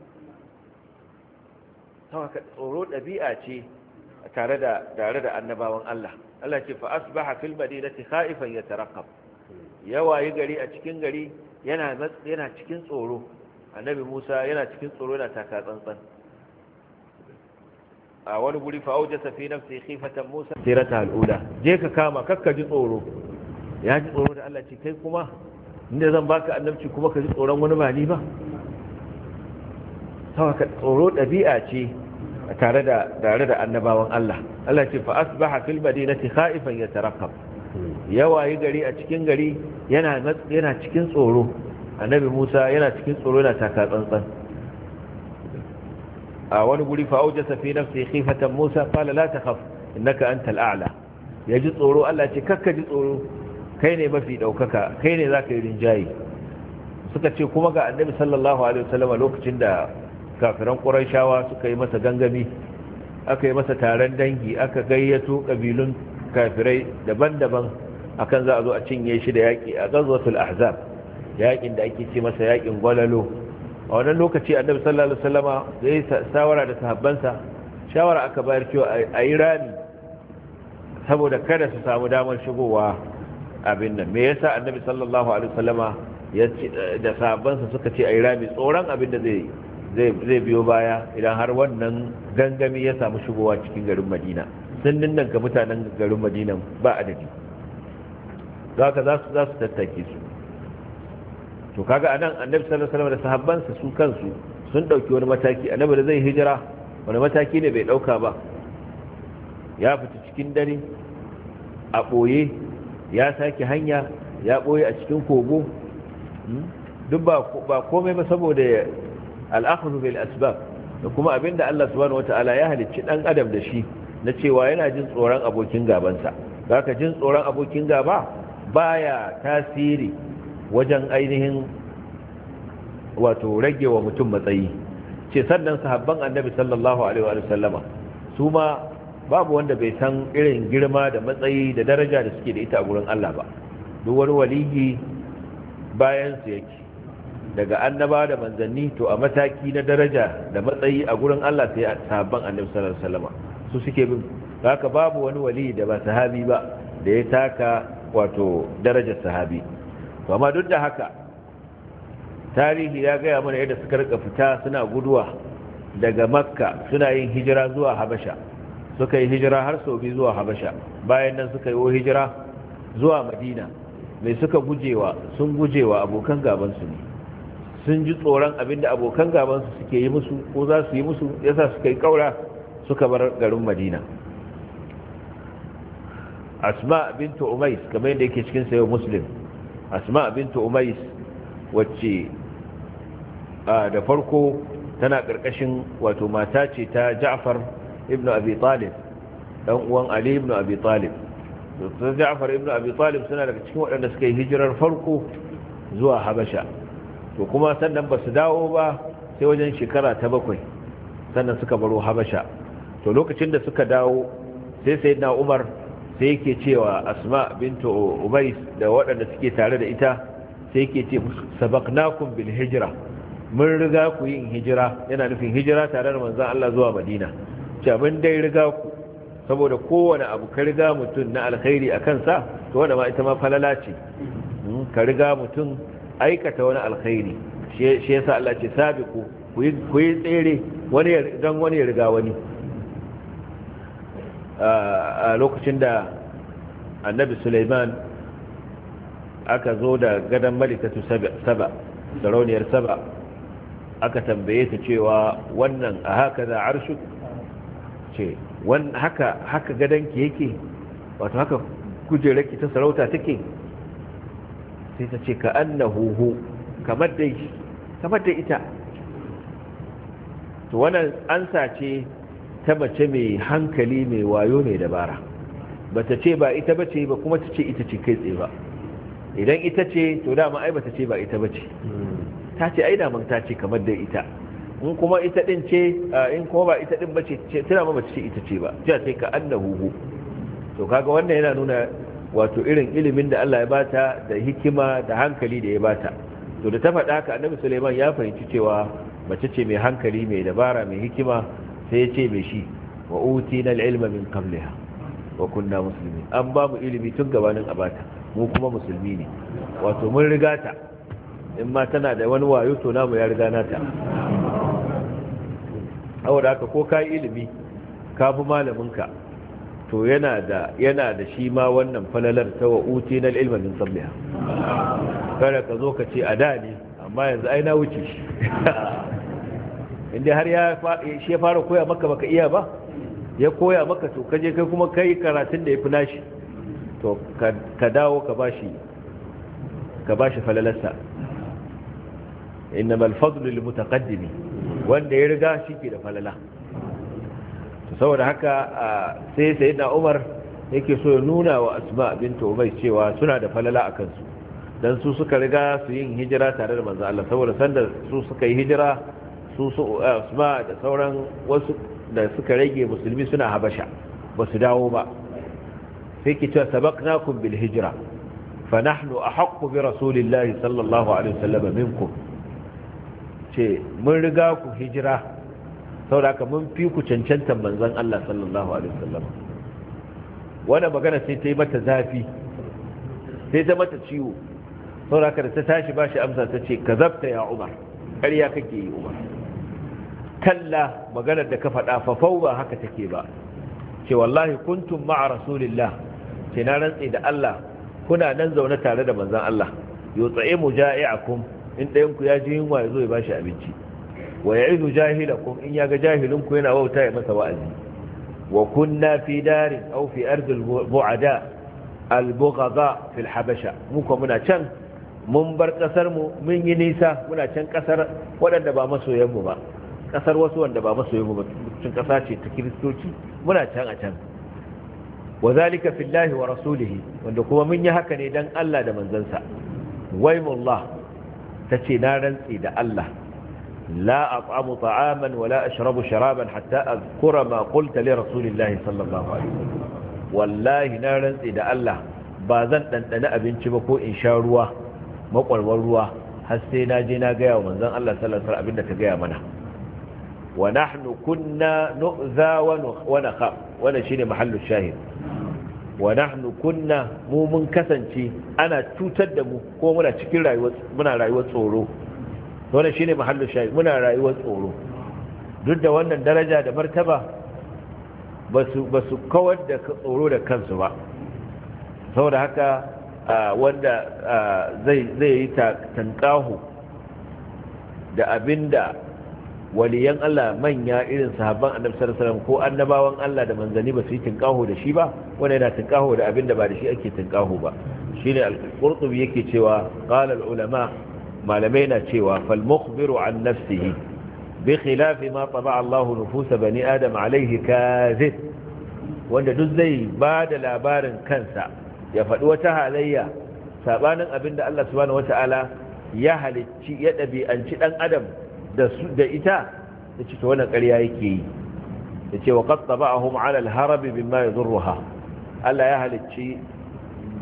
ba tsoro ɗabi'a ce tare da tare da annabawan Allah Allah ce fa asbaha fil madinati khaifan yatarqab yawayi gari a cikin gari yana yana cikin tsoro annabi Musa yana cikin tsoro yana taka tsantsan a wani guri fa aujasa fi nafsi khifatan Musa sirata al-ula je ka kama kakka ji tsoro ya ji tsoro da Allah ce kai kuma inda zan baka annabci kuma ka ji tsoron wani ba ba saboda tsoro ɗabi'a ce tare da tare da annabawan Allah Allah ce fa asbaha fil madinati khaifan yatarqab yawayi gari a cikin gari yana yana cikin tsoro annabi Musa yana cikin tsoro yana taka tsantsan a wani guri fa aujasa fi nafsi khifatan Musa qala la takhaf innaka antal a'la yaji tsoro Allah ce kakka ji tsoro kai ne mafi ɗaukaka kai ne za ka yi rinjaye suka ce kuma ga annabi sallallahu alaihi wasallam lokacin da kafiran shawa suka yi masa gangami aka yi masa taron dangi aka gayyato kabilun kafirai daban-daban akan za a zo a cinye shi da yaƙi a gazwatul ahzab yaƙin da ake ce masa yakin gwalalo a wannan lokaci annabi sallallahu alaihi wasallam zai shawara da sahabbansa shawara aka bayar cewa a yi rami saboda kada su samu damar shigowa abin nan me yasa annabi sallallahu alaihi wasallama da sabansa suka ce ai rami tsoron abin da zai zai biyo baya idan har wannan gangami ya samu shigowa cikin garin madina sun dinnan ga mutanen garin madina ba adadi za ka za su za su tattake su to kaga anan annabi sallallahu alaihi wasallam da sahabbansa su kansu sun dauki wani mataki annabi da zai hijira wani mataki ne bai dauka ba ya fita cikin dare a boye ya sake hanya ya ɓoye a cikin kogo hmm? duk ba komai ba saboda al'akhudhu bil asbab da kuma abinda Allah subhanahu wataala ya halicci dan adam da shi na cewa yana jin tsoron abokin gabansa zaka jin tsoron abokin gaba baya tasiri wajen ainihin wato rage mutum matsayi ce sannan sahabban annabi sallallahu alaihi wa sallama su ma babu wanda bai san irin girma da matsayi da daraja da suke da ita a gurin Allah ba duk wani waliyi bayan su yake daga annaba da manzanni to a mataki na daraja da matsayi a gurin Allah sai a sabon annabi sallallahu alaihi wasallam su suke bin haka babu wani wali da ba sahabi ba da ya taka wato darajar sahabi to amma duk da haka tarihi ya gaya mana yadda suka rika fita suna guduwa daga makka suna yin hijira zuwa habasha suka yi hijira har sau biyu zuwa habasha bayan nan suka yi hijira zuwa madina mai suka gujewa sun gujewa abokan gabansu ne sun ji tsoron abinda abokan gabansu suke yi musu ko za su yi musu yasa suka yi kaura suka bar garin madina asma bintu umais kamar yadda yake cikin sayo muslim asma bintu umais wacce da farko tana ƙarƙashin wato mata ce ta ja'far ibn abi talib dan uwan ali ibn abi talib ja'far ibn abi talib suna daga cikin waɗanda suka yi hijirar farko zuwa habasha to kuma sannan ba su dawo ba sai wajen shekara ta bakwai sannan suka baro habasha to lokacin da suka dawo sai sai umar sai yake cewa asma bintu umais da waɗanda suke tare da ita sai yake ce sabaqnakum bil hijra mun riga ku yin hijira yana nufin hijira tare da manzon Allah zuwa Madina jamin dai riga ku saboda kowane abu ka riga mutum na alkhairi a kansa to wanda ma ita ma falala ce hmm, ka riga mutum aikata wani alkhairi shi yasa Allah ce sabiku ku yi tsere wani don wani riga wani a lokacin da annabi suleiman aka zo da gadon malikatu saba sarauniyar saba aka tambaye ta cewa wannan a haka za arshuk ce haka haka gadonki yake wato haka ki ta sarauta take sai ta ce ka annahu hu kamar da kamar da ita to wannan ansa ce ta mace mai hankali mai wayo mai dabara bata ce ba ita ba ce, ba kuma ta ce ita ce kai tsaye ba idan ita ce to dama ai ba ta ce ba ita ba ce. ta ce ai damar ta ce kamar da ita in kuma ita din ce in kuma ba ita din bace ce tana ma bace ita ce ba ja sai ka annahu hu to kaga wannan yana nuna wato irin ilimin da Allah ya bata da hikima da hankali da ya bata to da ta faɗa haka annabi Sulaiman ya fahimci cewa mace ce mai hankali mai dabara mai hikima sai ya ce mai shi wa utina al-ilma min qablaha wa kunna muslimin an ba mu ilimi tun gabanin abata mu kuma musulmi ne wato mun riga ta in ma tana da wani wayo to namu ya riga nata saboda haka ko kayi ilimi kafi malamin malaminka to yana da yana da shi ma wannan falalar ta wa uti na min sabbiha kada ka zo ka ce a da ne amma yanzu ai na wuce shi inda har ya shi ya fara koya maka baka iya ba ya koya maka to kaje kai kuma kai karatun da ya fi nashi to ka dawo ka bashi ka bashi falalarsa innamal fadlu lil mutaqaddimi wanda ya riga shi ke da falala saboda haka sai sai na umar yake so ya nuna wa asma binta umai cewa suna da falala a kansu don su suka riga su yin hijira tare da manzo Allah saboda sanda su suka yi hijira su su asma da sauran wasu da suka rage musulmi suna habasha ba su dawo ba sai ki cewa sabaqnakum bil hijira fa nahnu ahqqu bi rasulillahi sallallahu alaihi wasallam minkum ce mun riga ku hijira saboda mun fi ku cancanta manzon Allah sallallahu alaihi wasallam wanda magana sai ta yi mata zafi sai ta mata ciwo saboda da ta tashi bashi amsa ta ce kazabta ya Umar ƙarya kake yi Umar kalla magana da ka faɗa fa ba haka take ba ce wallahi kuntum ma'a rasulillah ce na rantsi da Allah kuna nan zaune tare da manzon Allah yutsa'imu ja'i'akum in ɗayan ku ya ji yunwa ya zo ya shi abinci wa ya'idu jahilakum in ya ga jahilin yana wauta ya masa wa'azi wa kunna fi darin aw fi ardil bu'ada al bughada fil habasha mu ko muna can mun bar kasar mu mun yi nisa muna can kasar waɗanda ba masoyan mu ba kasar wasu wanda ba masoyan mu ba cikin kasa ce ta kiristoci muna can a can wa zalika fillahi wa rasulihi wanda kuma mun yi haka ne dan Allah da manzansa waymullah ta ce na rantsi da Allah la a ƙwamu ta'aman wa la a shirabu shiraban hatta a kura ma ƙulta le rasulillahi sallallahu alaihi wallahi na rantsi da Allah ba zan ɗanɗana abinci ba ko in sha ruwa makwalwar ruwa har sai na je na gaya wa manzan Allah sallallahu alaihi abinda ka gaya mana wa nahnu kunna nu'za wa nakha shine mahallu shahid wa nahnu kunna mu mun kasance ana cutar da mu ko muna cikin rayuwar muna rayuwar tsoro wannan shine mahallin shayi muna rayuwar tsoro duk da wannan daraja da martaba basu basu kawar da tsoro da kansu ba saboda haka wanda zai zai yi tankahu da abinda waliyan Allah manya irin sahabban annabi sallallahu alaihi wasallam ko annabawan Allah da manzanni ba su yi tinkaho da shi ba wanda yana tinkaho da abin da ba da shi ake tinkaho ba shine al-qurtubi yake cewa qala al-ulama malamai na cewa fal mukhbiru an nafsihi bi ma taba Allah nufus bani adam alaihi kazib wanda duk zai ba da labarin kansa ya faɗi wata halayya sabanin abin da Allah subhanahu wata'ala ya halicci ya ɗabi'anci ɗan adam da ita ta ce ta wani ƙarya yake yi ta ce wa ƙasta ba a hum alal harabi bin ma ya zurruha Allah ya halicci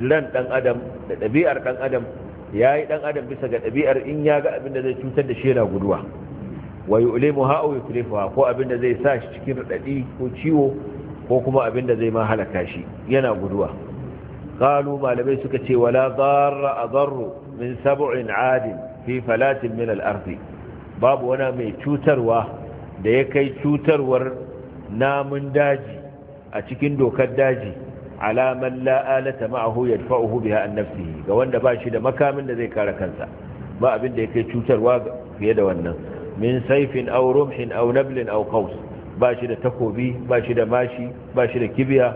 ran ɗan adam da ɗabi'ar ɗan adam ya yi ɗan adam bisa ga ɗabi'ar in ya ga abin da zai cutar da shi yana guduwa wa yi ulemu ha'o kulefa ko abin da zai sa shi cikin raɗaɗi ko ciwo ko kuma abin da zai ma halaka shi yana guduwa قالوا ما لبي سكتي ولا ضار أضر من سبع عاد في فلات من الأرض babu wani mai cutarwa da ya kai cutarwar namun daji a cikin dokar daji alaman la'alata ma'ahu ya fa'uhu biya an nafsihi ga wanda ba shi da makamin da zai kare kansa ba abin da ya kai cutarwa fiye da wannan min saifin aurum rumhin au nablin au kaus. ba shi da takobi ba shi da mashi ba shi da kibiya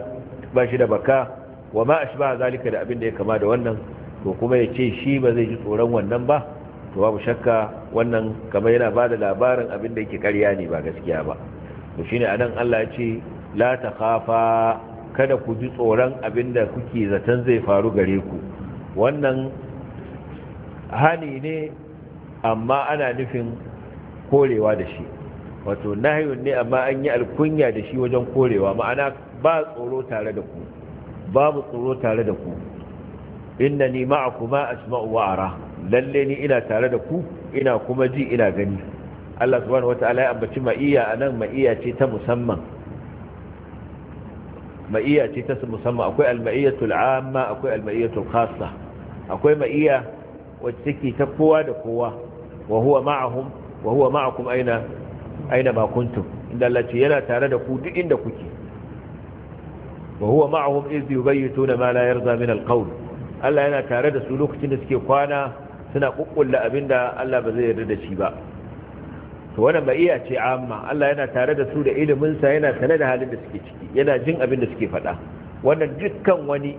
ba shi da baka wa ma ba zalika da abin da ya kama da wannan to kuma ya ce shi ba zai ji tsoron wannan ba to babu shakka wannan kamar yana ba da labarin abinda yake karya ne ba gaskiya ba to shine anan Allah ya ce la khafa kada ku ji tsoron abin da kuke zaton zai faru gare ku wannan hani ne amma ana nufin korewa da shi wato nahiyun ne amma an yi alkunya da shi wajen korewa ma'ana ba tsoro tare da ku babu tsoro tare da ku inna ni ma'akuma asma'u wa ara lalle ni ina tare da ku ina kuma ji ina gani Allah subhanahu wata'ala ya ambaci ma'iya nan ma'iya ce ta musamman ma'iya ce ta musamman akwai al-ma'iyatul amma akwai al-ma'iyatul khassa akwai ma'iya wacce take ta kowa da kowa wa huwa ma'ahum wa huwa ma'akum aina aina ma kuntum inda Allah ce yana tare da ku duk inda kuke wa huwa ma'ahum iz yubayituna ma la yarda min al Allah yana tare da su lokacin da suke kwana suna kukkulla abinda Allah ba zai yarda da shi ba to wannan ba iya ce amma Allah yana tare da su da ilimin sa yana tare da halin da suke ciki yana jin abin da suke faɗa wannan dukkan wani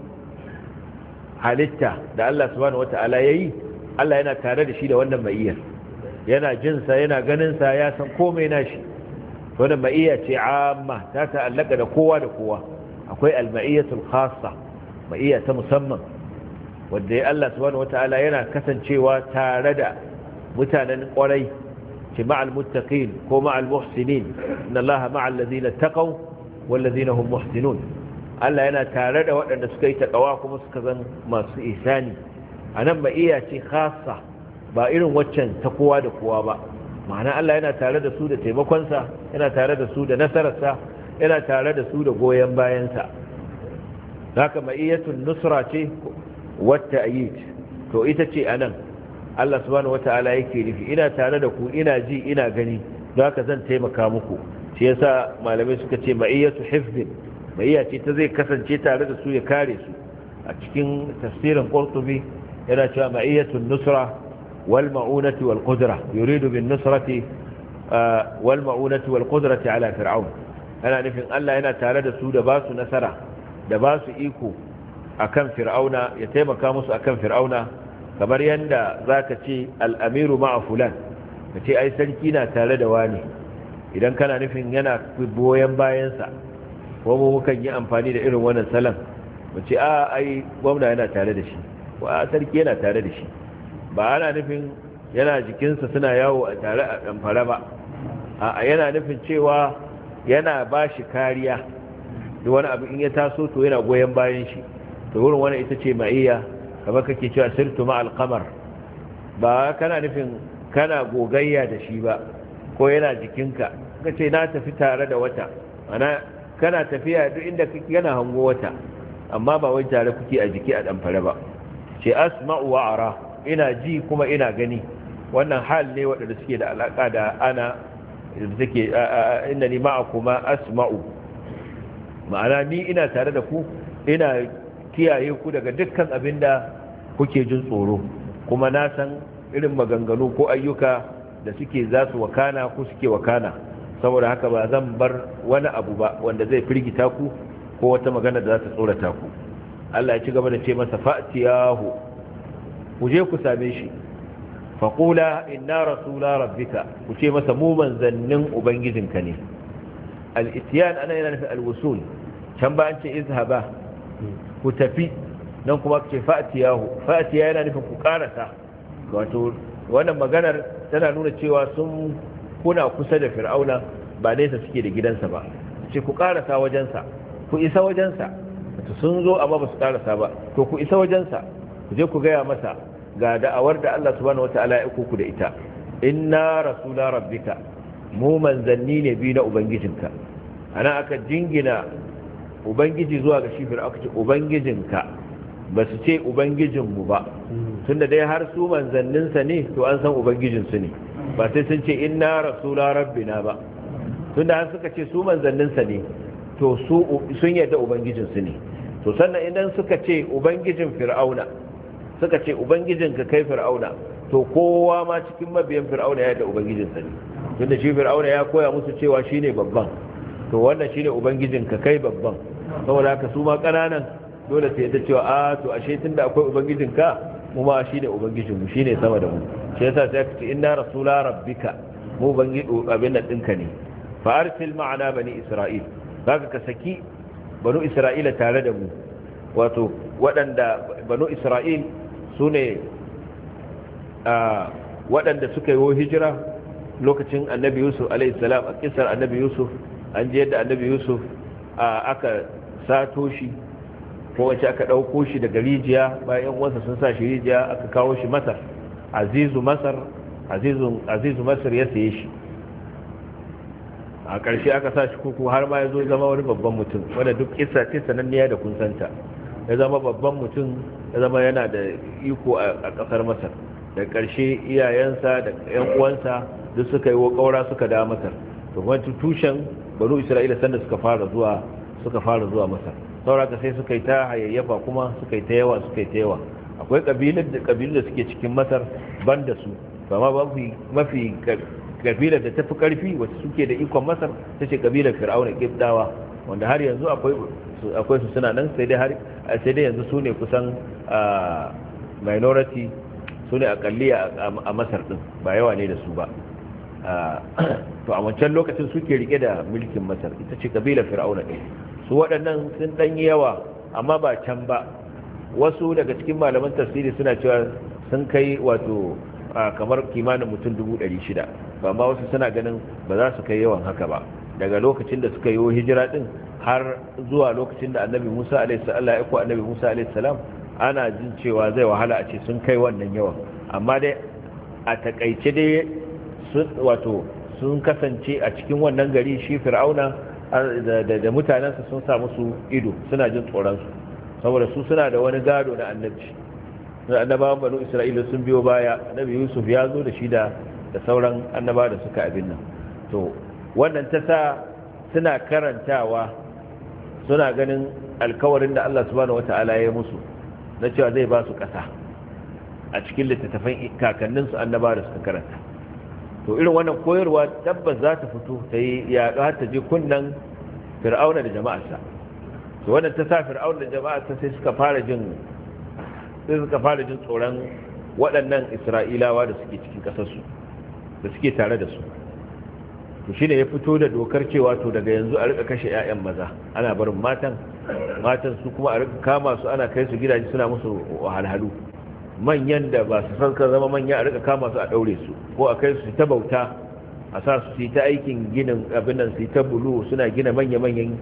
halitta da Allah subhanahu wata'ala yayi Allah yana tare da shi da wannan ma'iyar yana jin sa yana ganin sa ya san komai nashi wannan iya ce amma ta ta'allaka da kowa da kowa akwai al-ma'iyyatul khassa iya ta musamman wanda ya Allah subhanahu wata'ala yana kasancewa tare da mutanen kwarai ce ma'al muttaqin ko ma'al muhsinin inna Allah ma'al ladina taqaw wal ladina hum muhsinun Allah yana tare da waɗanda suka yi taqawa kuma suka zan masu ihsani anan ba iya ce khassa ba irin waccan ta kowa da kowa ba ma'ana Allah yana tare da su da taimakonsa yana tare da su da nasararsa yana tare da su da goyon bayansa haka ma'iyatun nusra ce wata ayyid to ita ce anan Allah subhanahu wata'ala yake nufi ina tare da ku ina ji ina gani don haka zan taimaka muku shi yasa malamai suka ce ma'iyatu hifdin ma'iyya ce ta zai kasance tare da su ya kare su a cikin tafsirin qurtubi yana cewa ma'iyatu nusra wal ma'unati wal qudra yuridu bin nusrati wal ma'unati wal qudrati ala fir'aun ana nufin Allah yana tare da su da ba su nasara da ba su iko akan fir'auna ya taimaka musu akan fir'auna kamar yadda zaka ce al'amiru ma'a fulan ka ce ai sarki na tare da wani idan kana nufin yana boyan bayansa ko mu mukan yi amfani da irin wannan salam mu ce a ai gwamna yana tare da shi ko a sarki yana tare da shi ba ana nufin yana jikinsa suna yawo a tare a ɗanfara ba a yana nufin cewa yana ba shi kariya da wani abu in ya taso to yana goyon bayan shi to wurin wani ita ce ma'iyya kamar kake cewa sirtu ma alqamar ba kana nufin kana gogayya da shi ba ko yana jikinka ka ce na tafi tare da wata ana kana tafiya duk inda kake yana hango wata amma ba wai tare kuke a jiki a damfare ba ce asma'u wa ara ina ji kuma ina gani wannan hal ne waɗanda suke da alaƙa da ana suke inna ni ma'akum asma'u ma'ana ni ina tare da ku ina kiyaye ku daga dukkan abin da kuke jin tsoro kuma na san irin maganganu ko ayyuka da suke za su wakana ko suke wakana saboda haka ba zan bar wani abu ba wanda zai firgita ku ko wata magana da za ta tsorata ku Allah ya ci gaba da ce masa fa'tiyahu ku je ku same shi faƙula inna rasula rabbika ku ce masa mu manzannin ubangijinka ne al-itiyan ana yana nufin al-wusul can ba an ce izhaba ku tafi don kuma ce fatiyahu. fa'atiya yana nufin ku karasa wato wannan maganar tana nuna cewa sun kuna kusa da fir'auna ba nesa suke da gidansa ba ce ku karasa wajensa ku isa wajensa sun zo amma ba su karasa ba to ku isa wajensa ku je ku gaya masa ga da'awar da Allah subhanahu wata'ala ya ku da ita inna rasula rabbika mu manzanni ne bi na ubangijinka ana aka jingina ubangiji zuwa ga shi aka ce ubangijinka ba su ce ubangijinmu ba tunda dai har su manzanninsa ne to an san ubangijinsu ne ba sai sun ce inna rasula rabbina ba tunda har suka ce su manzanninsa ne to su sun yarda ubangijinsu ne to sannan idan suka ce ubangijin fir'auna suka ce ubangijin ka kai fir'auna to kowa ma cikin mabiyan fir'auna ya ubangijin ubangijinsa ne tunda shi fir'auna ya koya musu cewa shine babban to wannan shine ka kai babban saboda haka su ma ƙananan dole sai ta cewa a ah, to ashe tunda akwai ubangijin ka mu ma shi ne mu shi ne sama da mu shi yasa sai ka ce inna rasula rabbika mu ubangiji abin nan ɗinka ne fa arsil ma'ana bani isra'il zaka ka saki banu isra'ila tare da mu wato waɗanda banu isra'il su ne waɗanda suka yi hijira lokacin annabi yusuf salam a kisar annabi yusuf an ji yadda annabi yusuf aka sato shi ko wace aka ɗauko shi daga rijiya bayan wasa sun sa shi rijiya aka kawo shi masar azizu masar azizu masar ya saye shi a ƙarshe aka sa shi kuku har ma ya zo zama wani babban mutum wanda duk kisa ce sananniya da kun ya zama babban mutum ya zama yana da iko a ƙasar masar da ƙarshe iyayensa da ƴan uwansa duk suka yi wa ƙaura suka da masar to wancan tushen banu isra'ila sanda suka fara zuwa suka fara zuwa masar sauraka sai suka yi ta hayayyafa kuma suka yi ta yawa suka yi ta yawa akwai kabilar da kabilar da suke cikin masar ban da su amma mafi mafi kabilar da tafi karfi wacce suke da ikon masar ta ce kabilar fir'auna kibdawa wanda har yanzu akwai su suna nan sai dai har sai dai yanzu su ne kusan minority su ne akalli a masar din ba yawa ne da su ba to a wancan lokacin suke rike da mulkin masar ita ce kabila fir'auna ɗin su waɗannan sun ɗan yawa amma ba can ba wasu daga cikin malaman tasiri suna cewa sun kai wato kamar kimanin mutum dubu ɗari shida ba ma wasu suna ganin ba za su kai yawan haka ba daga lokacin da suka yi hijira din har zuwa lokacin da annabi musa alaihissalam ya annabi musa alaihissalam ana jin cewa zai wahala a ce sun kai wannan yawan amma dai a takaice dai wato sun kasance a cikin wannan gari shi fir'auna da mutanensa sun samu su ido suna jin tsoronsu saboda su suna da wani gado na annabci annabawan banu isra'ila sun biyo baya annabi yusuf ya zo da shi da sauran annaba da suka abin nan to wannan ta sa suna karantawa suna ganin alkawarin da allah subhanahu wata'ala ya musu na cewa zai ba su ƙasa a cikin littattafan kakanninsu annaba da suka karanta to irin wannan koyarwa tabbas za ta fito ta yi yaƙa ta je kunnan fir'auna da jama'arsa to wannan ta sa fir'auna da jama'arsa sai suka fara jin sai suka fara jin tsoron waɗannan isra'ilawa da suke cikin ƙasarsu da suke tare da su to shine ya fito da dokar cewa to daga yanzu a rika kashe 'ya'yan maza ana barin matan matan su kuma a rika kama su ana kai su gidaje suna musu wahalhalu manyan da ba su san ka zama manya a rika kama su a daure su ko a kai su ta bauta a sa su ta aikin ginin abin nan su ta bulu suna gina manya-manyan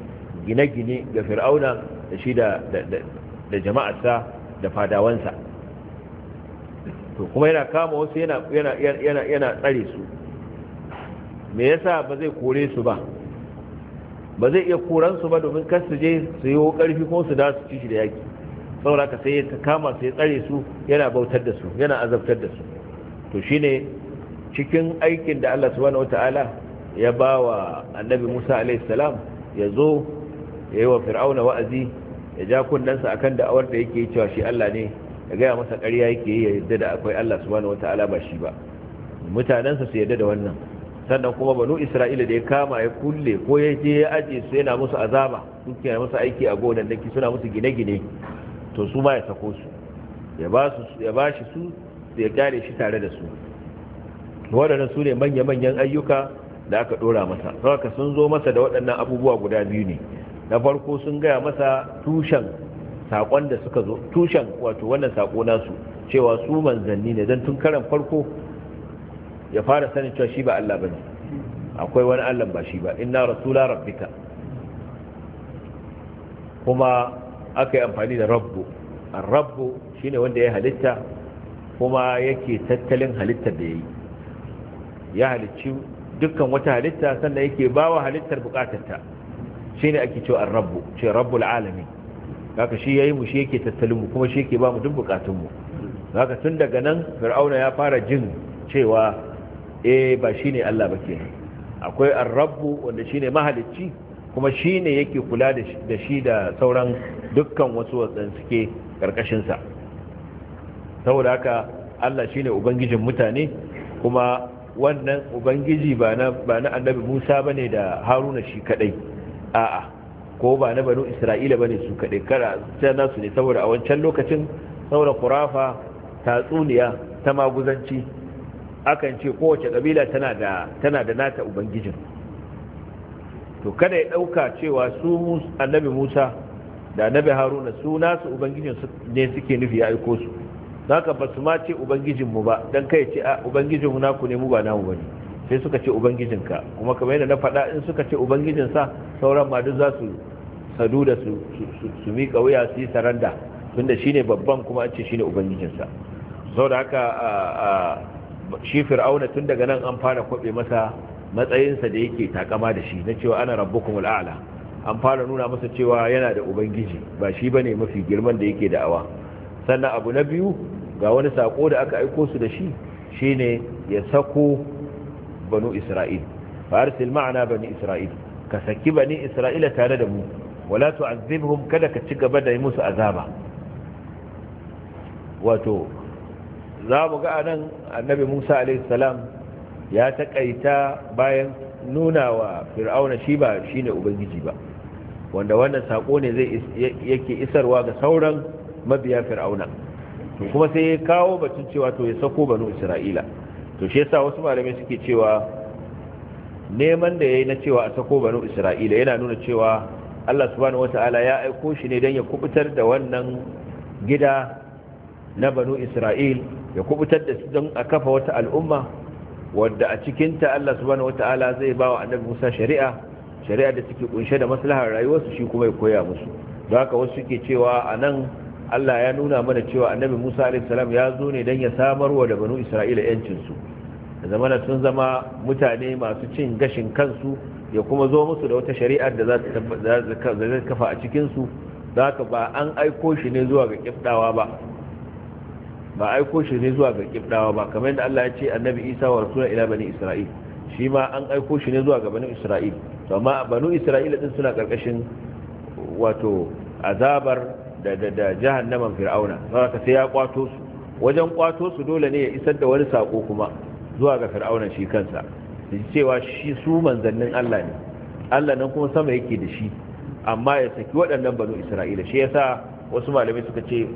gine-gine ga fir'auna da shi da jama'arsa da fadawansa to kuma yana kama wasu yana yana yana yana tsare su me yasa ba zai kore su ba ba zai iya koran su ba domin kar su je su yi karfi ko su da su ci shi da yaki saboda ka sai ya kama sai ya tsare su yana bautar da su yana azabtar da su to shine cikin aikin da Allah subhanahu wataala ya bawa annabi Musa alaihi salam ya zo yi wa fir'auna wa'azi ya ja sa akan awar da yake cewa shi Allah ne ya gaya masa ƙarya yake yi ya yarda da akwai Allah subhanahu wataala ba shi ba mutanensa su yarda da wannan sannan kuma banu isra'ila da ya kama ya kulle ko ya je ya aje su yana musu azaba suke musu aiki a gonan suna musu gine-gine to su ma ya sako su ya ba shi su ya kyale shi tare da su waɗannan su ne manya-manyan ayyuka da aka ɗora masa saboda sun zo masa da waɗannan abubuwa guda biyu ne na farko sun gaya masa tushen saƙon da suka zo tushen wato wannan saƙo nasu cewa su manzanni ne don tun karan farko ya fara sanin cewa shi ba Allah ne akwai wani Allah ba shi ba inna rasula rabbika kuma aka yi amfani da rabbu rabbu shine wanda ya halitta kuma yake tattalin halittar da ya yi ya halicci dukkan wata halitta sannan yake ba wa halittar bukatarta shine ake cewa rabbu ce rabbul alami kaka shi ya yi mu shi yake tattalinmu kuma shi yake ba mu duk bukatunmu kaka tun daga nan fir'auna ya fara jin cewa eh ba shi ne allah ba ke akwai arrabbu wanda shi ne mahalicci kuma shi ne yake kula da shi da sauran dukkan wasu wasan suke karkashinsa saboda haka Allah shine ubangijin mutane kuma wannan ubangiji ba na annabi Musa ba ne da Haruna shi kadai a'a ko ba na banu Isra'ila ba ne su kadai kara sai nasu ne saboda a wancan lokacin saboda kurafa tatsuniya ta maguzanci akan ce kowace kabila tana da tana da nata ubangijin to kada ya dauka cewa su annabi Musa da nabi haruna su nasu ubangijin ne suke nufi ya aiko su haka ba su ma ce ubangijinmu ba don kai ce a ubangijinmu naku ne mu ba namu ba ne sai suka ce ubangijin ka kuma kamar yadda na faɗa in suka ce ubangijinsa sauran ma duk za su sadu da su miƙa wuya su yi saranda tunda shi ne babban kuma an ce shi ne ubangijinsa sau da haka shi fir'auna tun daga nan an fara kwabe masa matsayinsa da yake takama da shi na cewa ana rabbukum al'ala an fara nuna masa cewa yana da ubangiji ba shi ba ne mafi girman da yake da'awa sannan abu na biyu ga wani sako da aka aiko su da shi shi ne ya sako banu isra'il farisil ma'ana bani isra'il ka saki bani isra'ila tare da mu wala tu'azzibhum kada ka ci gaba da yi musu azaba wato za mu ga anan annabi Musa alaihi salam ya taƙaita bayan nuna wa fir'auna shi ba shine ubangiji ba wanda wannan sako ne zai yake isarwa ga sauran mabiya fir'auna to kuma sai ya kawo batun cewa to ya sako banu isra'ila to shi yasa wasu malamai suke cewa neman da yayi na cewa a sako banu isra'ila yana nuna cewa Allah subhanahu wataala ya aiko shi ne don ya kubutar da wannan gida na banu isra'il ya kubutar da su don a kafa wata al'umma wadda a cikinta Allah subhanahu wata'ala zai ba wa annabi Musa shari'a shari'a da take kunshe da maslahar rayuwarsu shi kuma ya koya musu don haka wasu suke cewa a nan Allah ya nuna mana cewa annabi Musa salam ya zo ne don ya samarwa da banu Isra'ila su da zamana sun zama mutane masu cin gashin kansu ya kuma zo musu da wata shari'a da za ta kafa a cikinsu za ka ba an aiko shi ne zuwa ga kifdawa ba ba aiko shi ne zuwa ga kifdawa ba kamar yadda Allah ya ce annabi Isa wa rasulun ila bani Isra'il shi ma an aiko shi ne zuwa ga bani Isra'il amma banu isra'ila din suna karkashin wato azabar da da da fir'auna saboda sai ya kwato su wajen kwato su dole ne ya isar da wani sako kuma zuwa ga fir'auna shi kansa cewa shi su manzannin Allah ne Allah nan kuma sama yake da shi amma ya saki waɗannan banu isra'ila shi yasa wasu malamai suka ce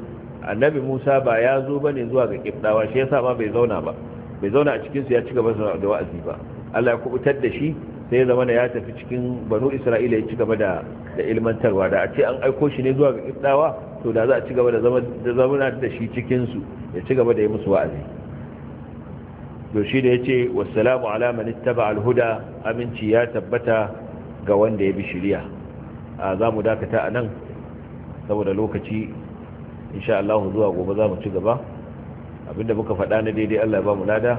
annabi musa ba ya zo ba ne zuwa ga kibdawa shi yasa ma bai zauna ba bai zauna a cikinsu ya ci gaba da wa'azi ba allah ya kubutar da shi sai zama da ya tafi cikin banu isra'ila ya ci gaba da ilmantarwa da a ce an aiko shi ne zuwa ga kiftawa to da za a ci gaba da zamana da shi cikinsu ya ci gaba da yi musu wa'azi to shi da ya ce wasalamu alamani taba alhuda aminci ya tabbata ga wanda ya bi shirya a za mu dakata a nan saboda lokaci insha Allah zuwa gobe za mu ci gaba abinda muka faɗa na daidai Allah ya ba mu lada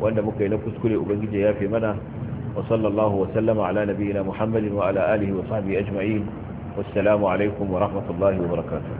wanda muka yi na kuskure ubangiji ya fi mana وصلى الله وسلم على نبينا محمد وعلى آله وصحبه أجمعين والسلام عليكم ورحمة الله وبركاته